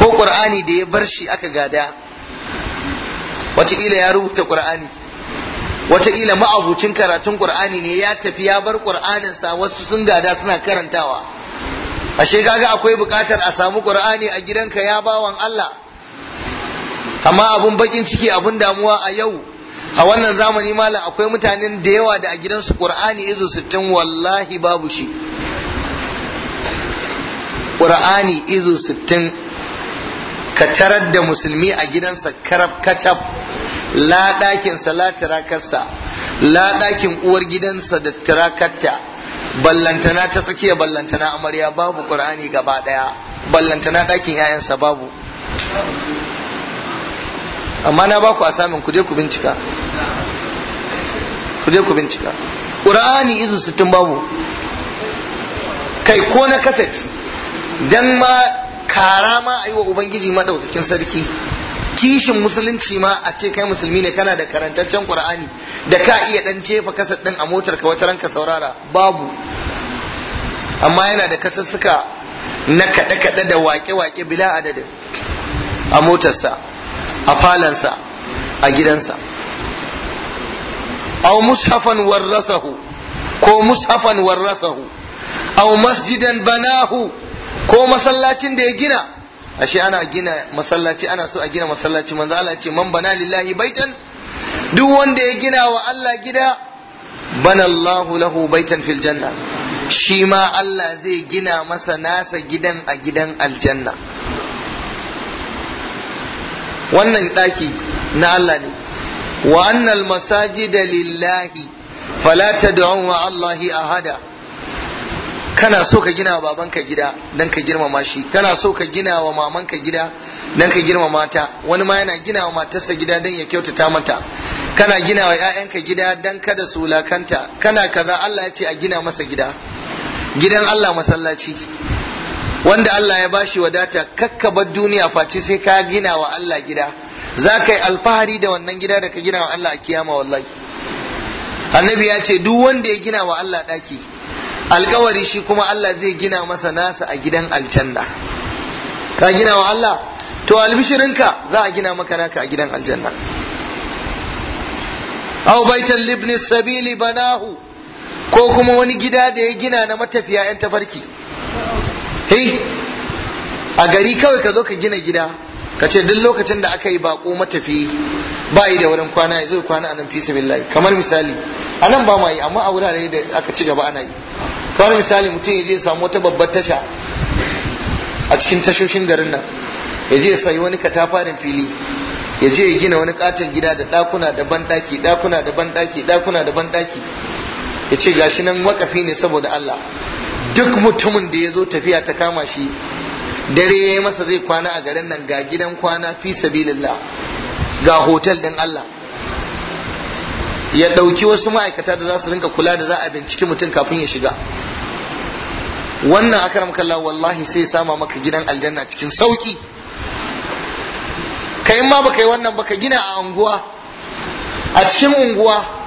ko qur'ani da ya bar shi aka gada wataƙila ya rubuta qur'ani wataƙila ma'abucin karatun qur'ani ne ya tafi ya bar qur'anin sa wasu sun gada suna karantawa ashe kaga akwai buƙatar a samu qur'ani a gidanka ya bawan Allah amma abun bakin ciki abun damuwa a yau a wannan zamani malam akwai mutanen da yawa da a gidansu qur'ani izu 60 wallahi babu shi qur'ani izu 60 ka tarar da musulmi a gidansa karab kacab la ɗakin la tirakarsa la ɗakin uwar gidansa da tirakarta ballantana ta tsakiya ballantana amarya babu qur'ani gaba ɗaya ballantana ɗakin 'ya'yansa babu amma na ba ku asamin ku je ku bincika ku je ku bincika ƙur'ani izu sittin babu kai ko na kaset dan ma kara ma a yi wa ubangiji maɗaukakin sarki kishin musulunci ma a ce kai musulmi ne kana da karantaccen qur'ani da ka iya ɗan jefa kasar ɗin a motar ka wata ranka saurara babu amma yana da kasassuka na kaɗe-kaɗe da wake-wake bila adadin a motarsa a falansa a gidansa aw mushafan warrasahu ko mushafan warrasahu aw masjidan banahu ko masallacin da ya gina ashe ana gina masallaci ana so a gina masallaci manzo Allah ce man bana lillahi baitan duk wanda ya gina wa Allah gida bana Allahu lahu baitan fil janna shi ma Allah zai gina masa nasa gidan a gidan aljanna wannan ɗaki na Allah ne wa annal masajida lillahi fala tad'u ma Allahi ahada kana so ka gina wa babanka gida dan ka girmama shi kana so ka gina wa mamanka gida dan ka girmama ta wani ma yana gina wa matarsa gida dan ya kyautata mata kana gina wa ƴaƴanka gida dan kada su wulakanta kana kaza Allah ya ce a gina masa gida gidan Allah masallaci wanda Allah ya bashi wadata kakkabar duniya face sai ka gina wa Allah gida za ka yi alfahari da wannan gida da ka gina wa Allah a kiyama wallahi annabi ya ce duk wanda ya gina wa Allah daki alkawari shi kuma Allah zai gina masa nasa a gidan aljanna ka gina wa Allah to albishirinka za a gina maka naka a gidan aljanna aw baitan libni sabili banahu ko kuma wani gida da ya gina na matafiya yan tafarki He? a gari kawai ka zo ka gina gida ka ce duk lokacin da aka yi bako matafi ba yi da wurin kwana ya zo kwana a nan fi sabilillahi kamar misali a nan ba ma yi amma a wurare da aka ci gaba ana yi kamar misali mutum ya je samu wata babbar tasha a cikin tashoshin garin nan ya je ya sayi wani katafarin fili ya je ya gina wani katon gida da dakuna da daki dakuna da daki dakuna da daki ya ce gashi nan wakafi ne saboda Allah duk mutumin da ya zo tafiya ta kama shi dare ya yi masa zai kwana a garin nan ga gidan kwana fi sabilillah ga hotel din Allah ya ɗauki wasu ma'aikata da za su rinka kula da za a binciki mutum kafin ya shiga wannan akaram kallah wallahi sai sama maka gidan aljanna cikin sauki kai ma baka yi wannan baka gina a unguwa a cikin unguwa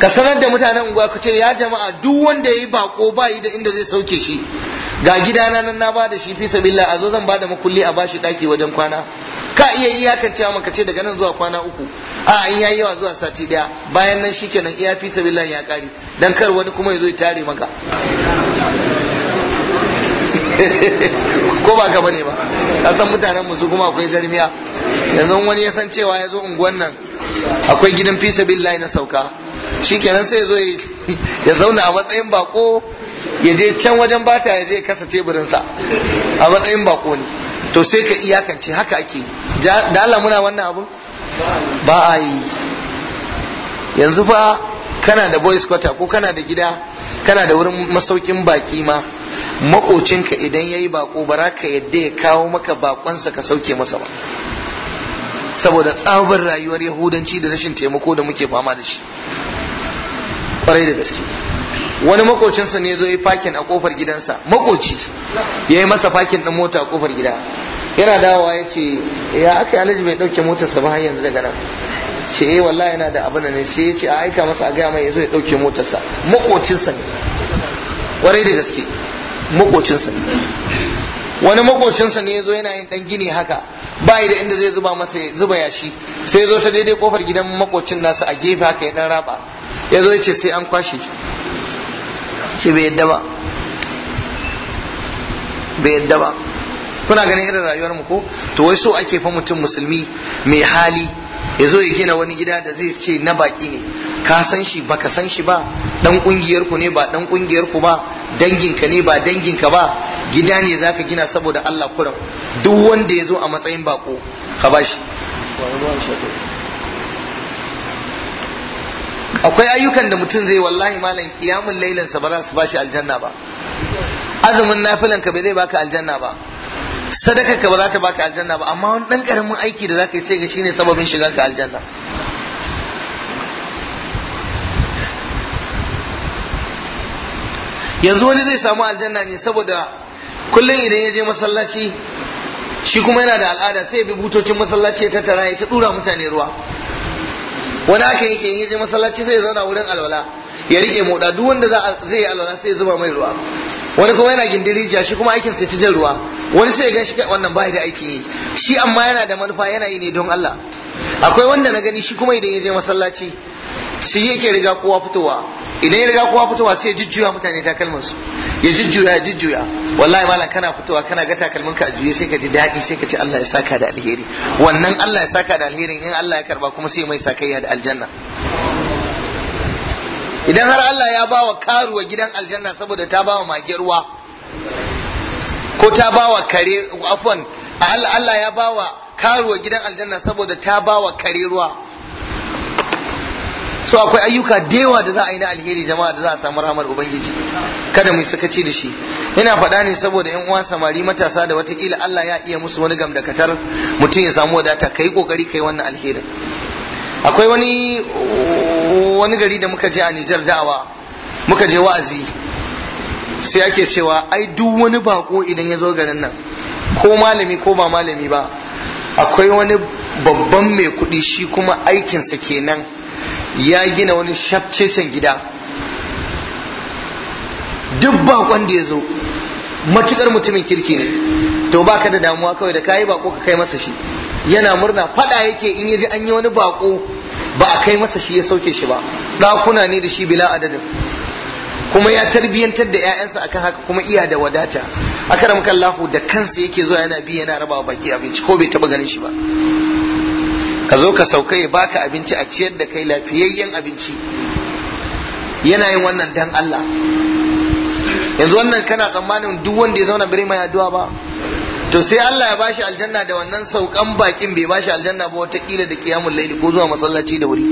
ka sanar da mutanen unguwa ka ce ya jama'a duk wanda ya yi bako ba yi da inda zai sauke shi ga gidana nan na da shi fi sabilillah a zo zan bada makulli a bashi daki wajen kwana ka iya iyakancewa maka ce daga nan zuwa kwana uku a in yayi yawa zuwa sati daya bayan nan shikenan iya fi sabilillah ya kare dan kar wani kuma ya zo ya tare maka *laughs* ko ba ka bane ba ka san mutanen mu su kuma akwai jarmiya yanzu wani ya san cewa ya zo unguwan nan akwai gidan fi sabilillah na sauka kenan sai zo ya zauna a matsayin bako ya je can wajen bata ya je kasa teburinsa a matsayin bako ne to sai ka iyakance haka ake da Allah muna wannan abun ba a yi yanzu fa kana da boys quarter ko kana da gida kana da wurin masaukin baki ma makocinka idan ya yi bako bara ka yadda ya kawo maka bakonsa ka sauke masa ba saboda tsabar rayuwar yahudanci da rashin taimako da muke fama da shi kwarai da gaske wani makocinsa ne zo yi fakin a kofar gidansa makoci ya yi masa fakin ɗin mota a kofar gida yana dawowa ya ce ya aka yi alhaji bai ɗauke motarsa ba har yanzu daga nan ce eh wallahi yana da abin ne sai ya ce a aika masa a gaya mai ya zo ya ɗauke motarsa makocinsa ne kwarai da gaske makocinsa ne wani makocinsa ne ya zo yana yin dan gini haka bai da inda zai zuba masa zuba yashi sai zo ta daidai kofar gidan makocin nasa a gefe haka ya dan raba ya ya ce sai an kwashe shi bai yadda ba bai yadda ba kuna ganin irin rayuwar mu ko to wai so ake fa mutum musulmi mai hali ya zo ya gina wani gida da zai ce na baki ne ka san shi ba ka san shi ba dan kungiyar ku ne ba dan kungiyar ku ba danginka ne ba danginka ba gida ne zaka gina saboda Allah kuram duk wanda ya zo a matsayin bako ka bashi akwai ayyukan da mutum zai wallahi malam kiyamun lailansa ba za su bashi aljanna ba azumin nafilan ka bai zai baka aljanna ba sadaka ka ba za ta baka aljanna ba amma wani dan karamin aiki da zaka yi sai ga shine sababin shigan ka aljanna yanzu wani zai samu aljanna ne saboda kullum idan ya je masallaci shi kuma yana da al'ada sai bi butocin masallaci ya tattara ya ta dura mutane ruwa wani aka yake in ya je masallaci sai ya zauna wurin alwala ya rike moda duk wanda zai yi alwala sai zuba mai ruwa wani kuma yana gindiri ja shi kuma aikin sai jan ruwa wani sai ya gan shi wannan bai da aiki yi shi amma yana da manufa yana yi ne don Allah akwai wanda na gani shi kuma idan ya je masallaci shi yake riga kowa fitowa idan ya riga kowa fitowa sai ya jujjuya mutane takalmin su ya jujjuya ya jujjuya wallahi malam kana fitowa kana ga takalmin ka juye sai ka ji daɗi sai ka ce Allah ya saka da alheri wannan Allah ya saka da alherin in Allah ya karba kuma sai mai sakayya da aljanna idan har Allah ya bawa karuwa gidan aljanna saboda ta bawa mage ruwa ko ta bawa kare afwan Allah ya bawa karuwa gidan aljanna saboda ta bawa kare ruwa so akwai ayyuka da da za a yi na alheri jama'a da za a samu rahmar ubangiji kada mu sakaci da shi ina faɗa ne saboda yan uwa samari matasa da watakila Allah ya iya musu wani gamdakatar mutum ya samu wadata kai kokari kai wannan alherin akwai wani wani gari da muka je a Nijar dawa muka je wa'azi sai ake cewa ai duk wani bako idan ya zo garin nan ko malami ko ba malami ba akwai wani babban mai kuɗi shi kuma aikinsa kenan ya gina wani shafcecen gida duk bakon da ya zo matukar mutumin kirki ne to baka da damuwa kawai da kayi bako ka kai masa shi yana murna fada yake in yaji an yi wani bako ba a kai masa shi ya sauke shi ba ɗakuna ne da shi bila adadin kuma ya tarbiyantar da 'ya'yansa akan haka kuma iya da wadata akaram kallahu da kansa yake zuwa yana bi yana raba baki abinci ko bai taba ganin shi ba ka zo ka sauka ya baka abinci a ciyar da kai lafiyayyen abinci yana yin wannan dan Allah yanzu wannan kana tsammanin duk wanda ya zauna bire mai addu'a ba to sai Allah ya bashi aljanna da wannan saukan bakin bai bashi aljanna ba watakila da kiyamul laili ko zuwa masallaci da wuri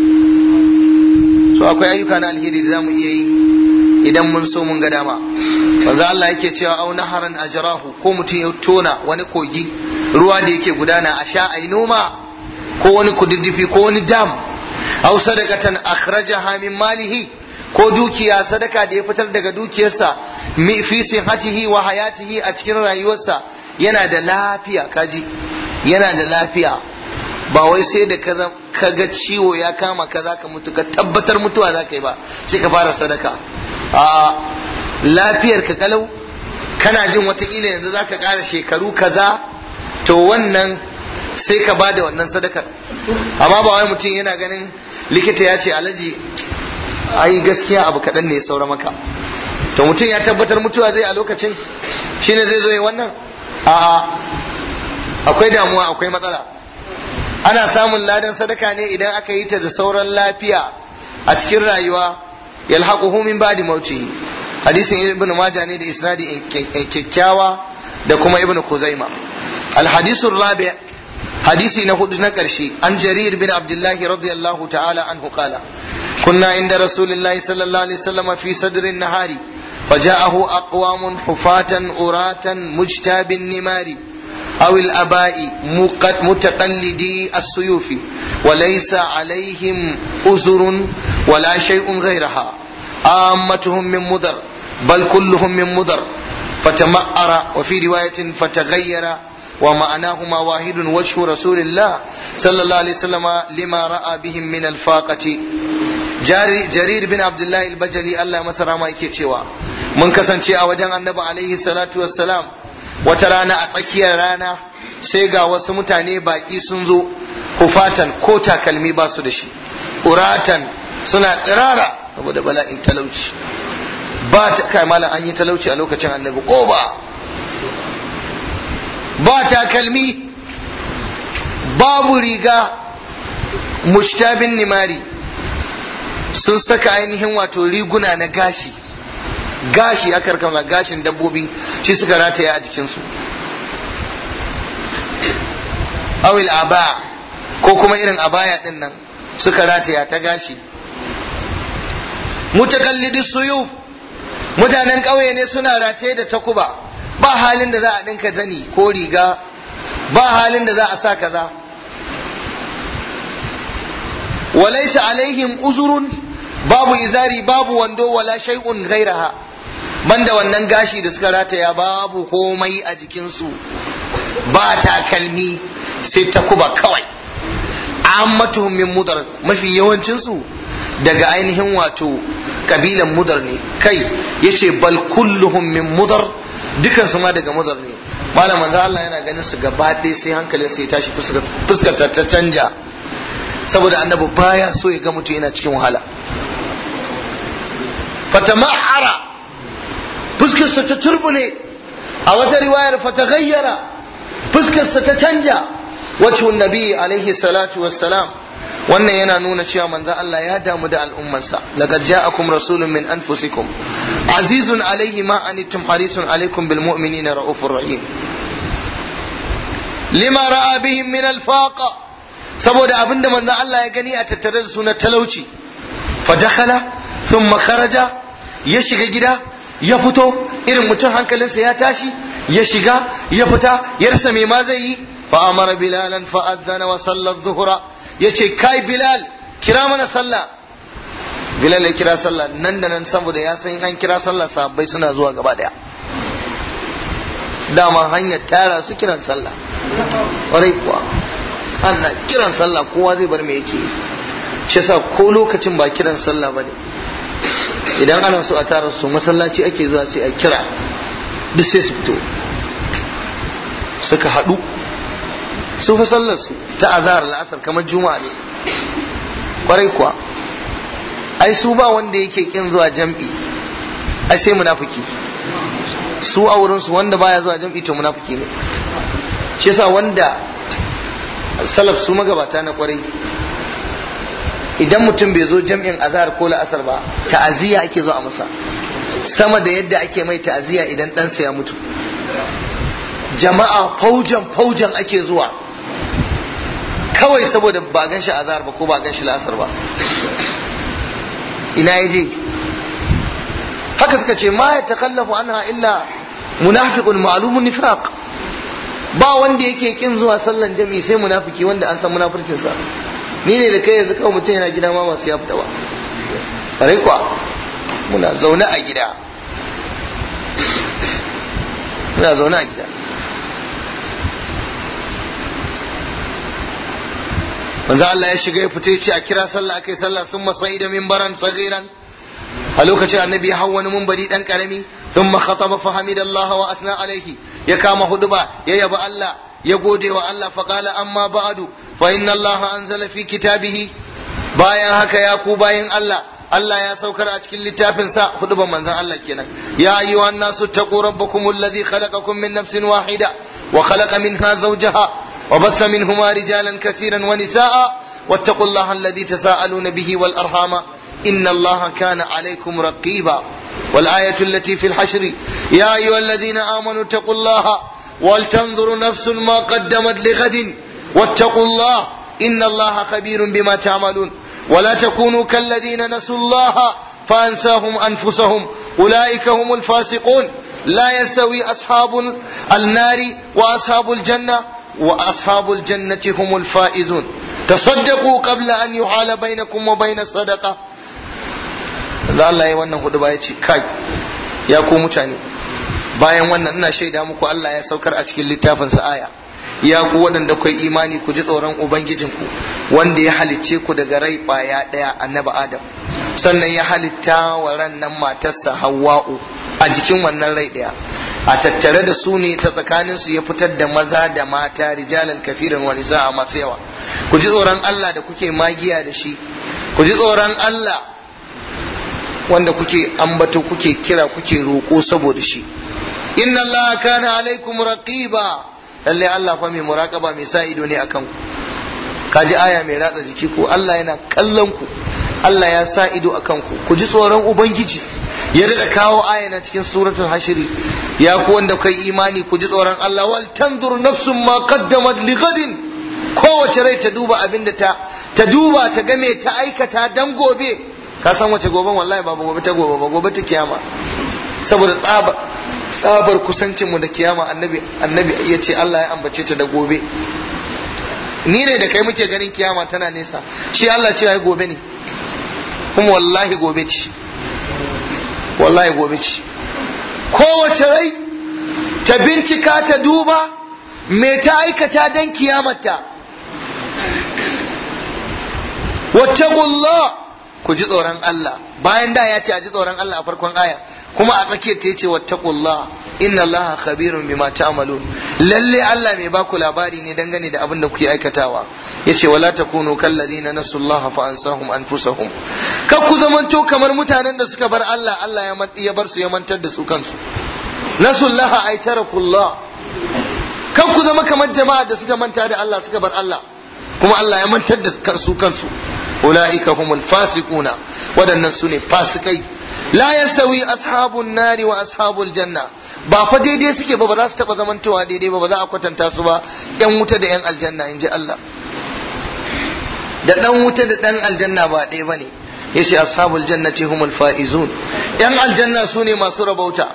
so akwai ayyuka na alheri da zamu iya yi idan mun so mun ga dama manzo Allah yake cewa au naharan ajrahu ko mutum ya tona wani kogi ruwa da yake gudana a sha ai noma ko wani kududdufi ko wani dam au sadaqatan akhrajaha min malihi ko dukiya sadaka da ya fitar daga dukiyarsa fi hatihi wa hayatihi a cikin rayuwarsa yana da lafiya kaji yana da lafiya ba wai sai da ka kaga ciwo ya kama kaza ka mutu ka tabbatar mutuwa za ka yi ba sai ka fara sadaka a lafiyar ka kalau kana jin wata watakila yanzu za ka kara shekaru kaza to wannan sai ka bada wannan sadakar amma ba wai mutum yana ganin likita ya ce alaji ai gaskiya abu kaɗan ne ya saura maka to mutum ya tabbatar mutuwa zai a lokacin shine zai zo ya wannan a'a akwai damuwa akwai matsala ana samun ladan sadaka ne idan aka yi ta da sauran lafiya a cikin rayuwa yalhaquhu min ba'di mauti. hadisin ibnu majah ne da isnadi kyakkyawa da kuma Ibn kuzaima alhadisu rabi hadisi na hudu na karshe an jarir bin abdullahi radiyallahu ta'ala anhu qala كنا عند رسول الله صلى الله عليه وسلم في صدر النهار فجاءه أقوام حفاة أراة مجتاب النمار أو الأباء متقلدي السيوف وليس عليهم أزر ولا شيء غيرها عامتهم من مدر بل كلهم من مدر فتمأر وفي رواية فتغير ومعناهما واحد وجه رسول الله صلى الله عليه وسلم لما رأى بهم من الفاقة jarir bin abdullahi al Allah masa rama yake cewa mun kasance a wajen annabi alaihi salatu wassalam wata rana a tsakiyar rana sai ga wasu mutane baki sun zo hufatan ko takalmi ba su da shi uratan suna tsirara saboda bala'in talauci ba ta kai malam an yi talauci a lokacin annabi ko ba ba takalmi babu riga mushtabin nimari sun saka ainihin wato riguna na gashi gashi a karkama gashin dabbobi shi suka rataya a jikinsu awil aba ko kuma irin abaya din nan suka rataya ta gashi mutakallidi suyuf mutanen ƙauye ne suna rataye da takuba ba halin da za a ɗinka zani ko riga ba halin da za a sa kaza walaisa alaihim uzurun babu izari babu wando wala shay'un ghairaha banda wannan gashi da suka rataya babu komai a jikinsu ba takalmi sai ta kuba kawai ammatuhum min mudar mafi yawancinsu daga ainihin wato kabilan mudar ne kai yace bal kulluhum min mudar dukansu ma daga mudar ne malam manzo Allah yana ganin su gaba ɗaya sai hankalin sai tashi fuskar ta canja saboda annabi baya so ya ga mutum yana cikin wahala fatama'ara fuskarsa ta turbule a wata riwayar fataghayyara fuskarsa ta canja wajhun nabi salatu wannan yana nuna cewa manzo Allah ya damu da al'ummarsa laqad ja'akum rasulun min anfusikum azizun alayhi ma anittum harisun alaikum bil mu'minina raufur rahim lima ra'a bihim min al saboda abinda manzo Allah ya gani a tattare da su na talauci fa dakhala sun makaraja ya shiga gida ya fito irin mutum hankalinsa ya tashi ya shiga ya fita ya rasa mai ma zai yi fa'amara bilalan fa'adana wa sallar zuhura ya ce kai bilal kira mana sallah bilal ya kira sallah nan da nan saboda ya san an kira sallah sahabbai suna zuwa gaba daya dama hanyar tara su kiran sallah ƙwarai kuwa ana kiran sallah kowa zai bar me yake shi sa ko lokacin ba kiran sallah ne. idan ana so a tara su masallaci ake zuwa sai a kira duk sai su fito suka haɗu su fi sallar su ta azahar la'asar kamar juma'a ne kwarai kuwa ai su ba wanda yake kin zuwa jam'i ai sai munafiki su a wurinsu wanda baya zuwa jam'i to munafiki ne shi yasa wanda salaf su magabata na kwarai idan mutum bai zo jam'in azhar ko la'asar ba ta'aziyya ake zo a masa sama da yadda ake mai ta'aziya idan ɗansa ya mutu jama'a faujan faujan ake zuwa kawai saboda ba gan shi azhar ba ko ba gan shi la'asar ba ina ya je haka suka ce ma ya takallafu anha illa munafiqun ma'lumun nifaq ba wanda yake kin zuwa sallan jami'i sai munafiki wanda an san munafircinsa sa ni ne da kai yanzu kawai mutum yana gida ma masu ya fita ba ƙwarai kuwa muna zaune a gida muna zaune a gida manzo Allah ya shiga ya fita ya ce a kira sallah akai sallah sun masai da mimbaran sagiran a lokacin annabi ya hau wani mumbari dan karami sun makhatama fahamid Allah wa asna alaihi ya kama huduba ya yaba Allah ya gode wa Allah faqala amma ba'du fa inna Allah anzala fi kitabihi bayan haka ya ku bayan Allah Allah ya saukar a cikin littafin sa hudubar manzan Allah kenan ya ayyuhan nasu taqu rabbakum alladhi khalaqakum min nafsin wahida wa khalaqa minha zawjaha wa batha minhuma rijalan kaseeran wa nisaa واتقوا الله الذي تساءلون به والأرحام إن الله كان عليكم رقيبا والآية التي في الحشر يا أيها الذين آمنوا اتقوا الله ولتنظر نفس ما قدمت لغد واتقوا الله إن الله خبير بما تعملون ولا تكونوا كالذين نسوا الله فأنساهم أنفسهم أولئك هم الفاسقون لا يستوي أصحاب النار وأصحاب الجنة وأصحاب الجنة هم الفائزون تصدقوا قبل أن يحال بينكم وبين الصدقة da Allah ya wannan hudu ya ce kai ya ku mutane bayan wannan ina shaida muku Allah ya saukar a cikin littafin sa aya ya ku waɗanda kai imani ku ji tsoron ubangijinku wanda ya halicce ku daga rai ɓaya ɗaya annabi adam sannan ya halitta wa matar nan matarsa hawa'u a jikin wannan rai ɗaya a tattare da su ne ta tsakanin su ya fitar da maza da mata rijalan kafirin wani za'a masu yawa ku ji tsoron Allah da kuke magiya da shi ku ji tsoron Allah wanda kuke ambato kuke kira kuke roko saboda shi inna Allah kana alaikum raqiba lalle Allah fa mai muraƙaba mai sa ido ne akan Ka kaji aya mai ratsa jiki ko Allah yana kallon ku Allah ya sa ido akan ku ku ji tsoron ubangiji ya rika kawo aya na cikin suratul hashiri ya ku wanda kai imani ku ji tsoron Allah wal tanzur nafsun ma qaddamat li ghadin kowace rai ta duba abinda ta ta duba ta ga ta aikata dan gobe ka san wace goben wallahi babu gobe ta gobe ba gobe ta kiyama saboda tsaba tsabar kusancin mu da kiyama annabi annabi ya ce Allah ya ambace ta da gobe ni ne da kai muke ganin kiyama tana nesa shi Allah ce ai gobe ne kuma wallahi gobe ce wallahi gobe ce kowace rai ta bincika ta duba me ta aikata kiyamarta? kiyamata wattaqullah ku ji tsoron Allah bayan da ya ce a ji tsoron Allah a farkon aya kuma a tsakiyar ta yace wattaqullah inna allaha khabirun bima ta'malun lalle Allah mai baku labari ne dangane da abin da kuke aikatawa yace wala takunu kal ladina nasullaha fa ansahum anfusahum kar ku zamanto kamar mutanen da suka bar Allah Allah ya bar su ya mantar da su kansu nasullaha ay tarakullah kar ku zama kamar jama'a da suka manta da Allah suka bar Allah kuma Allah ya mantar da su kansu ulaika humul fasiquna wadannan su ne fasikai Layan yasawi ashabun nari wa ashabul janna ba fa daidai suke ba za su taba zamantawa daidai ba za a kwatanta su ba yan wuta da yan aljanna in Allah da dan wuta da dan aljanna ba ɗaya bane yace ashabul jannati humul faizun yan aljanna sune masu rabauta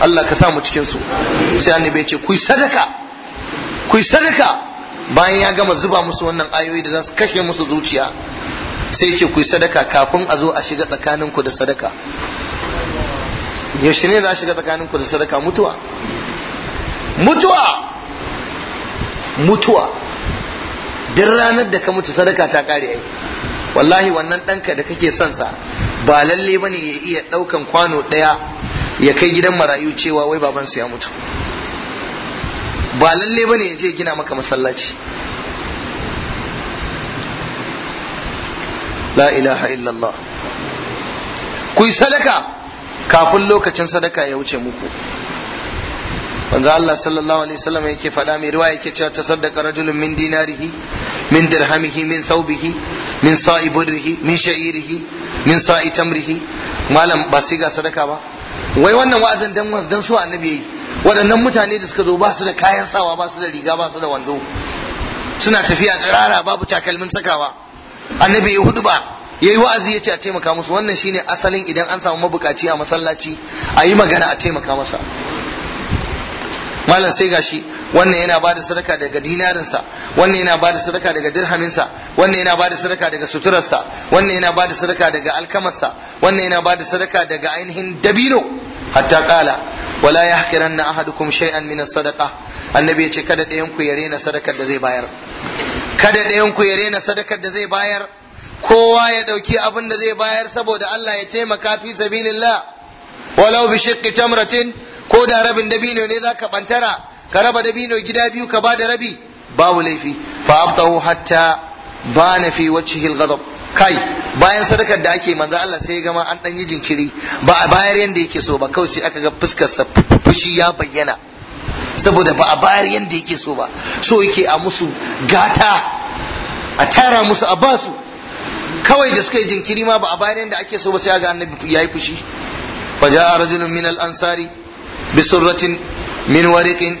Allah ka sa mu cikin su sai ce ku sadaka ku sadaka bayan ya gama zuba musu wannan ayoyi da za su kashe musu zuciya sai ce ku yi sadaka kafin a zo a shiga tsakaninku da sadaka yaushe ne za a shiga tsakaninku da sadaka mutuwa mutuwa mutuwa duk ranar da ka mutu sadaka ta kare ai wallahi wannan ɗanka da kake son sa ba lalle bane ya iya ɗaukan kwano ɗaya ya kai gidan marayu cewa wai babansu ya mutu ba lalle bane ya je gina maka masallaci la ilaha illallah ku yi sadaka kafin lokacin sadaka ya wuce muku Wanzu Allah sallallahu alaihi wasallam yake faɗa mai riwaya yake cewa tasaddaqa rajulun min dinarihi min dirhamihi min thawbihi min sa'i burrihi min sha'irihi min sa'i tamrihi malam ba sai ga sadaka ba wai wannan wa'azin dan dan su annabi yayi waɗannan mutane da suka zo ba su da kayan sawa ba su da riga ba su da wando suna tafiya tsirara babu takalmin sakawa annabi ya hudu ba yayi wa'azi yace a taimaka musu wannan shine asalin idan an samu mabukaci a masallaci a yi magana a taimaka masa malam sai gashi wannan yana ba da sadaka daga dinarinsa wannan yana ba da sadaka daga dirhaminsa wannan yana ba da sadaka daga suturarsa wannan yana ba da sadaka daga alkamarsa wannan yana ba da sadaka daga ainihin dabino hatta kala wala yahkiranna ahadukum shay'an min as sadaqah annabi ya ce kada ɗayan ku ya rena sadakar da zai bayar kada ɗayanku ya rena sadakar da zai bayar kowa ya ɗauki abin da zai bayar saboda Allah ya taimaka fi sabilillah walau bi shiqqi tamratin ko da rabin dabino ne zaka bantara ka raba dabino gida biyu ka bada rabi babu laifi fa abtahu hatta bana fi wajhihi alghadab kai bayan sadakar da ake manzo Allah sai gama an dan yi jinkiri ba a bayar yanda yake so ba kawai sai aka ga fuskar sa fushi ya bayyana saboda ba a bayar yadda yake so ba so yake a musu gata a tara musu a basu kawai da suka yi jinkiri ma ba a bayar yadda ake so ba sai ga annabi yayi yi fushi ja'a rajulun min al-ansari bi surratin min wariqin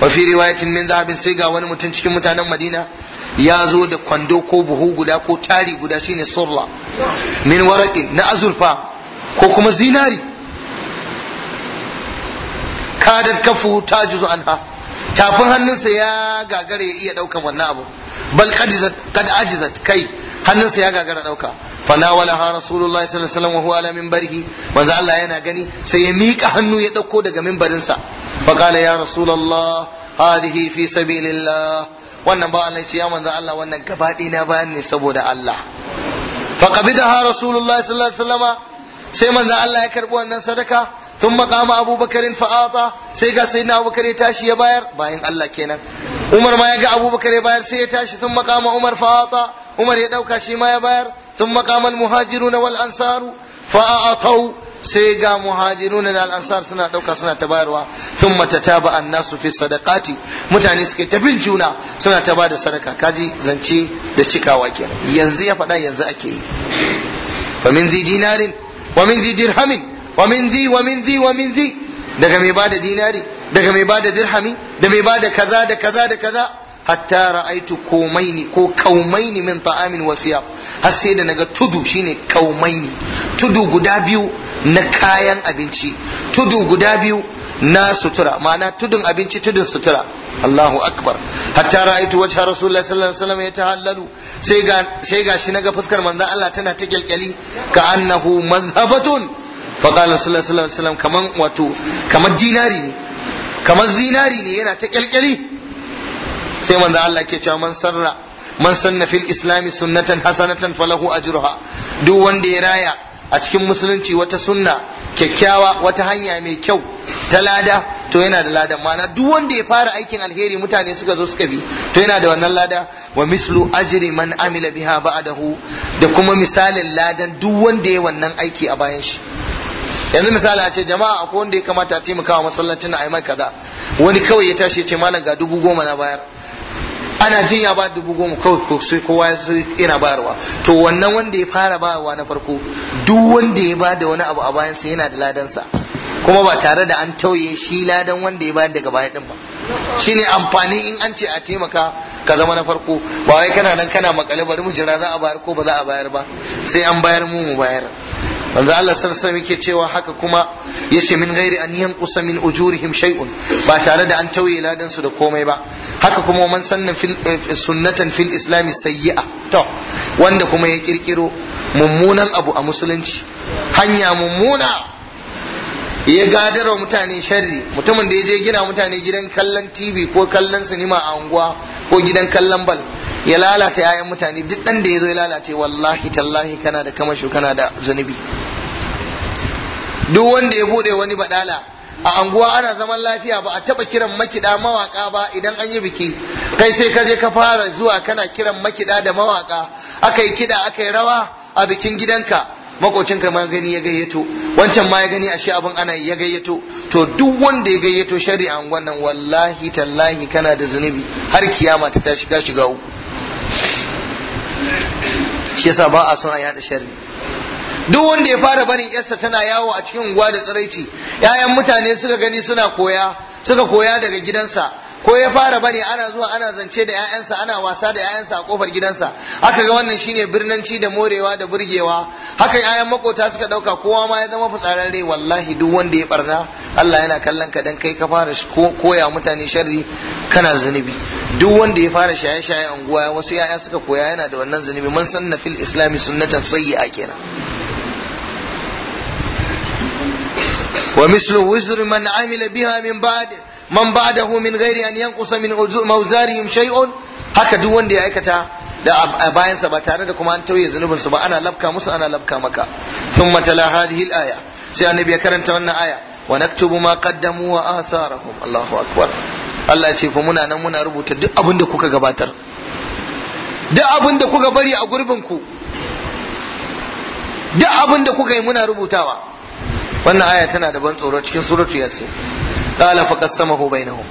wa fi riwayatin min zahabin sai ga wani mutum cikin mutanen madina ya zo da kwando ko buhu guda ko tari guda shine surra min wariqin na azurfa ko kuma zinari kadat kafu ta juzu anha tafin hannunsa ya gagara ya iya daukan wannan abu bal kad ajizat kai hannunsa ya gagara dauka ha rasulullahi sallallahu alaihi wasallam wa huwa ala minbarihi manzo Allah yana gani sai ya mika hannu ya dauko daga sa fa qala ya rasulullah hadhihi fi sabilillah wannan ba Allah ya manzo Allah wannan gaba na bayan ne saboda Allah fa qabidaha rasulullahi sallallahu alaihi wasallam sai manzo Allah ya karbi wannan sadaka sun makama abubakarin fa'ata sai ga sai na abubakar ya tashi ya bayar bayan Allah kenan umar ma ya ga abubakar ya bayar sai ya tashi sun makama umar fa'ata umar ya ɗauka shi ya bayar sun makaman muhajiru na wal ansaru fa'atau sai ga muhajiru na al ansar suna ɗauka suna ta bayarwa sun mata ta ba an fi sadakati mutane suke ta juna suna ta ba da sadaka kaji zance da cikawa kenan yanzu ya faɗa yanzu dinarin min dirhamin wa min zi wa min zi wa min zi daga mai bada dinari daga mai bada dirhami da mai bada kaza da kaza da kaza hatta ra'aitu komaini ko kaumaini min ta'amin wasiya har sai da naga tudu shine kaumaini tudu guda biyu na kayan abinci tudu guda biyu na sutura ma'ana tudun abinci tudun sutura Allahu akbar hatta ra'aitu wajha rasulullahi sallallahu alaihi wasallam yatahallalu sai ga sai gashi naga fuskar manzon Allah tana ta kyalkyali ka annahu mazhabatun faƙalar sallallahu alaihi wasallam kaman wato kamar dinari ne kamar zinari ne yana ta kyalkyali sai manzo Allah ke cewa man sarra man sanna fil islam sunnatan hasanatan falahu ajruha duk wanda ya raya a cikin musulunci wata sunna kyakkyawa wata hanya mai kyau ta lada to yana da ladan mana duk wanda ya fara aikin alheri mutane suka zo suka bi to yana da wannan lada wa mislu ajri man amila biha ba'dahu da kuma misalin ladan duk wanda ya wannan aiki a bayan shi yanzu misali a ce jama'a akwai wanda ya kamata a taimaka wa masallacin a mai kaza wani kawai ya tashi ya ce malam ga dubu goma na bayar ana jin ya ba dubu goma kawai ko sai kowa ya so yana bayarwa to wannan wanda ya fara bayarwa na farko duk wanda ya bada wani abu a bayansa yana da ladansa kuma ba tare da an tauye shi ladan wanda ya bayar daga baya din ba shine amfani in an ce a taimaka ka zama na farko ba wai kana nan kana makale bari mu jira za a bayar ko ba za a bayar ba sai an bayar mu mu bayar manzo Allah sallallahu alaihi yake cewa haka kuma yace min ghairi an yanqusa min ujurihim shay'un ba tare da an tauye ladan su da komai ba haka kuma man sannan fil eh, eh, sunnatan fil islam sayyi'a to wanda kuma ya kirkiro mummunan abu a musulunci hanya mummuna ya gadarwa mutane sharri mutumin da ya je gina mutane gidan kallon tv ko kallon sinima a unguwa ko gidan kallon bal ya lalata yayan mutane duk dan da ya zo ya lalata wallahi tallahi kana da kamasho kana da zunubi duk wanda ya bude wani badala a anguwa ana zaman lafiya ba a taba kiran makida mawaka ba idan an yi biki kai sai ka je ka fara zuwa kana kiran makida da mawaka aka yi kida aka yi rawa a bikin gidanka makocin ka ma gani ya gayyato wancan ma ya gani shi abin ana ya gayyato to duk wanda ya gayyato shari'an wannan wallahi tallahi kana da zunubi har kiyama ta tashi ga shiga uku shi yasa ba a son a yada shari duk wanda ya fara barin yarsa tana yawo a cikin unguwa da tsiraici yayan mutane suka gani suna koya suka koya daga gidansa ko ya fara bane ana zuwa ana zance da 'ya'yansa ana wasa da 'ya'yansa a kofar gidansa haka ga wannan shine birnanci da morewa da burgewa haka 'ya'yan makota suka dauka kowa ma ya zama fitsararre wallahi duk wanda ya barna Allah yana kallon ka dan kai ka fara koya mutane sharri kana zunubi duk wanda ya fara shaye-shaye unguwa wasu 'ya'ya suka koya yana da wannan zunubi mun sanna fil islami sunnatan sayyi'a kenan ومثل وزر من عمل بها من بعد man ba'dahu min ghairi an yanqusa min mawzarihim shay'un haka duk wanda ya aikata da bayansa ba tare da kuma an tauye zunubinsu ba ana labka musu ana labka maka thumma tala hadhihi al-aya sai annabi ya karanta wannan aya wa naktubu ma qaddamu wa atharahum Allahu akbar Allah ya ce fa muna nan muna rubuta duk abin da kuka gabatar duk abin da kuka bari a gurbin ku duk abin da kuka yi muna rubutawa wannan aya tana da ban tsoro cikin suratu yasin qala fa qassamahu bainahum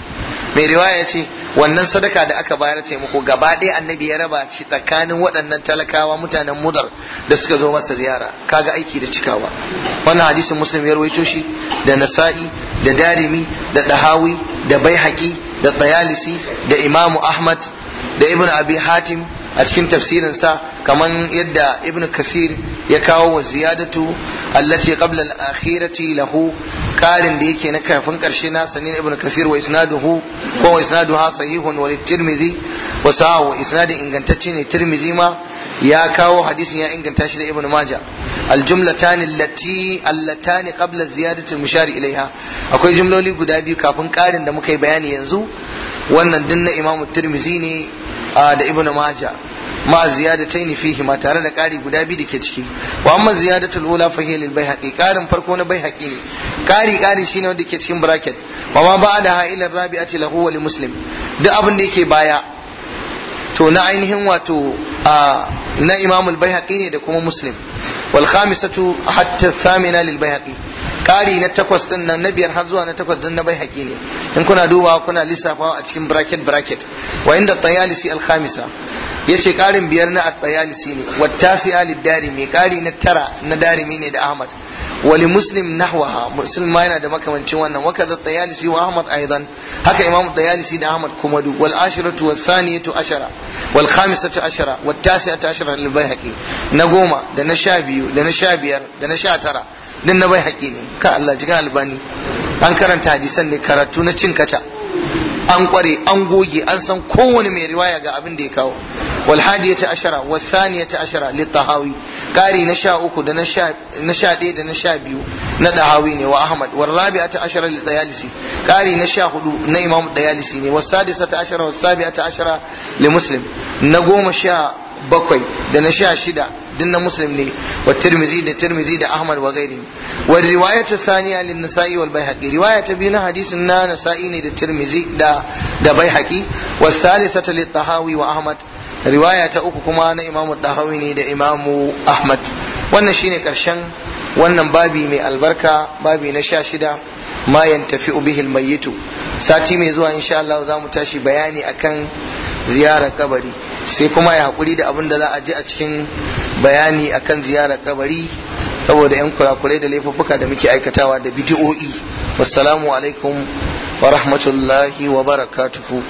mai riwaya ce wannan sadaka da aka bayar taimako gaba ɗaya annabi ya raba shi tsakanin waɗannan talakawa mutanen mudar da suka zo masa ziyara kaga aiki da cikawa wannan hadisin muslim ya rawaito shi da nasa'i da darimi da dahawi da baihaqi da tayalisi da imamu ahmad da ibn abi hatim a cikin tafsirin sa kaman yadda ibn kasir ya kawo wa ziyadatu allati qabla al-akhirati lahu Karin da yake na kafin karshe na sanin ibn kasir wa isnaduhu ko wa isnaduha sahihun wa tirmidhi wa sa'a isnadin ingantacce ne tirmidhi ma ya kawo hadisin ya inganta shi da ibn maja al-jumlatan allati allatan qabla ziyadati al-mushari ilaiha akwai jumloli guda biyu kafin karin da muka yi bayani yanzu wannan din na imamu tirmidhi ne da ibnu maja ma ziyadataini fihi ma tare da ƙari guda biyu dake ciki wa amma ziyadatul ula fa hiya lil baihaqi ƙarin farko na baihaqi ne ƙari kari shine wanda ke cikin bracket wa ma ba'da ha ila rabi'ati lahu wa li muslim duk abin da yake baya to na ainihin wato na imamul baihaqi ne da kuma muslim wal khamisatu hatta thamina lil baihaqi ƙari na takwas ɗin nan na biyar har zuwa na takwas ɗin na bai haƙi ne in kuna dubawa kuna lissafawa a cikin bracket bracket wa inda tayalisi alkhamisa yace ƙarin biyar na at-tayalisi ne wa tasi'a lid-darimi ƙari na tara na darimi ne da Ahmad wa muslim nahwaha muslim ma yana da makamancin wannan wa kaza tayalisi wa Ahmad aidan haka imam tayalisi da Ahmad kuma du wal ashiratu was saniyatu ashara wal khamisatu ashara wat tasi'atu ashara lil-baihaqi na goma da na sha biyu da na sha biyar da na sha tara din na bai haƙi ne ka Allah jikan albani an karanta hadisan ne karatu na cin kaca an kware an goge an san kowane mai riwaya ga abin da ya kawo wal hadiyata ashara was saniyata ashara li tahawi qari na sha uku da na sha na da na sha biyu na tahawi ne wa ahmad wal rabi'ata ashara li dayalisi qari na sha hudu na imam dayalisi ne was sadisata ashara was sabi'ata ashara li muslim na goma sha bakwai da na sha shida din na muslim ne wa tirmizi da tirmizi da ahmad wa gairi wa riwayatu saniya lin nasa'i wal baihaqi riwaya ta biyu na hadisin na nasa'i ne da tirmizi da da baihaqi wa salisata lit tahawi wa ahmad riwaya ta uku kuma na imamu tahawi ne da imamu ahmad wannan shine karshen wannan babi mai albarka babi na sha shida ma yantafi bihi almayyitu sati mai zuwa insha Allah za mu tashi bayani akan ziyarar kabari sai kuma ya hakuri da abin da za a ji a cikin bayani akan ziyarar kabari saboda 'yan kurakurai da laifuffuka da muke aikatawa da bidiyo'i wassalamu alaikum wa rahmatullahi wa barakatuhu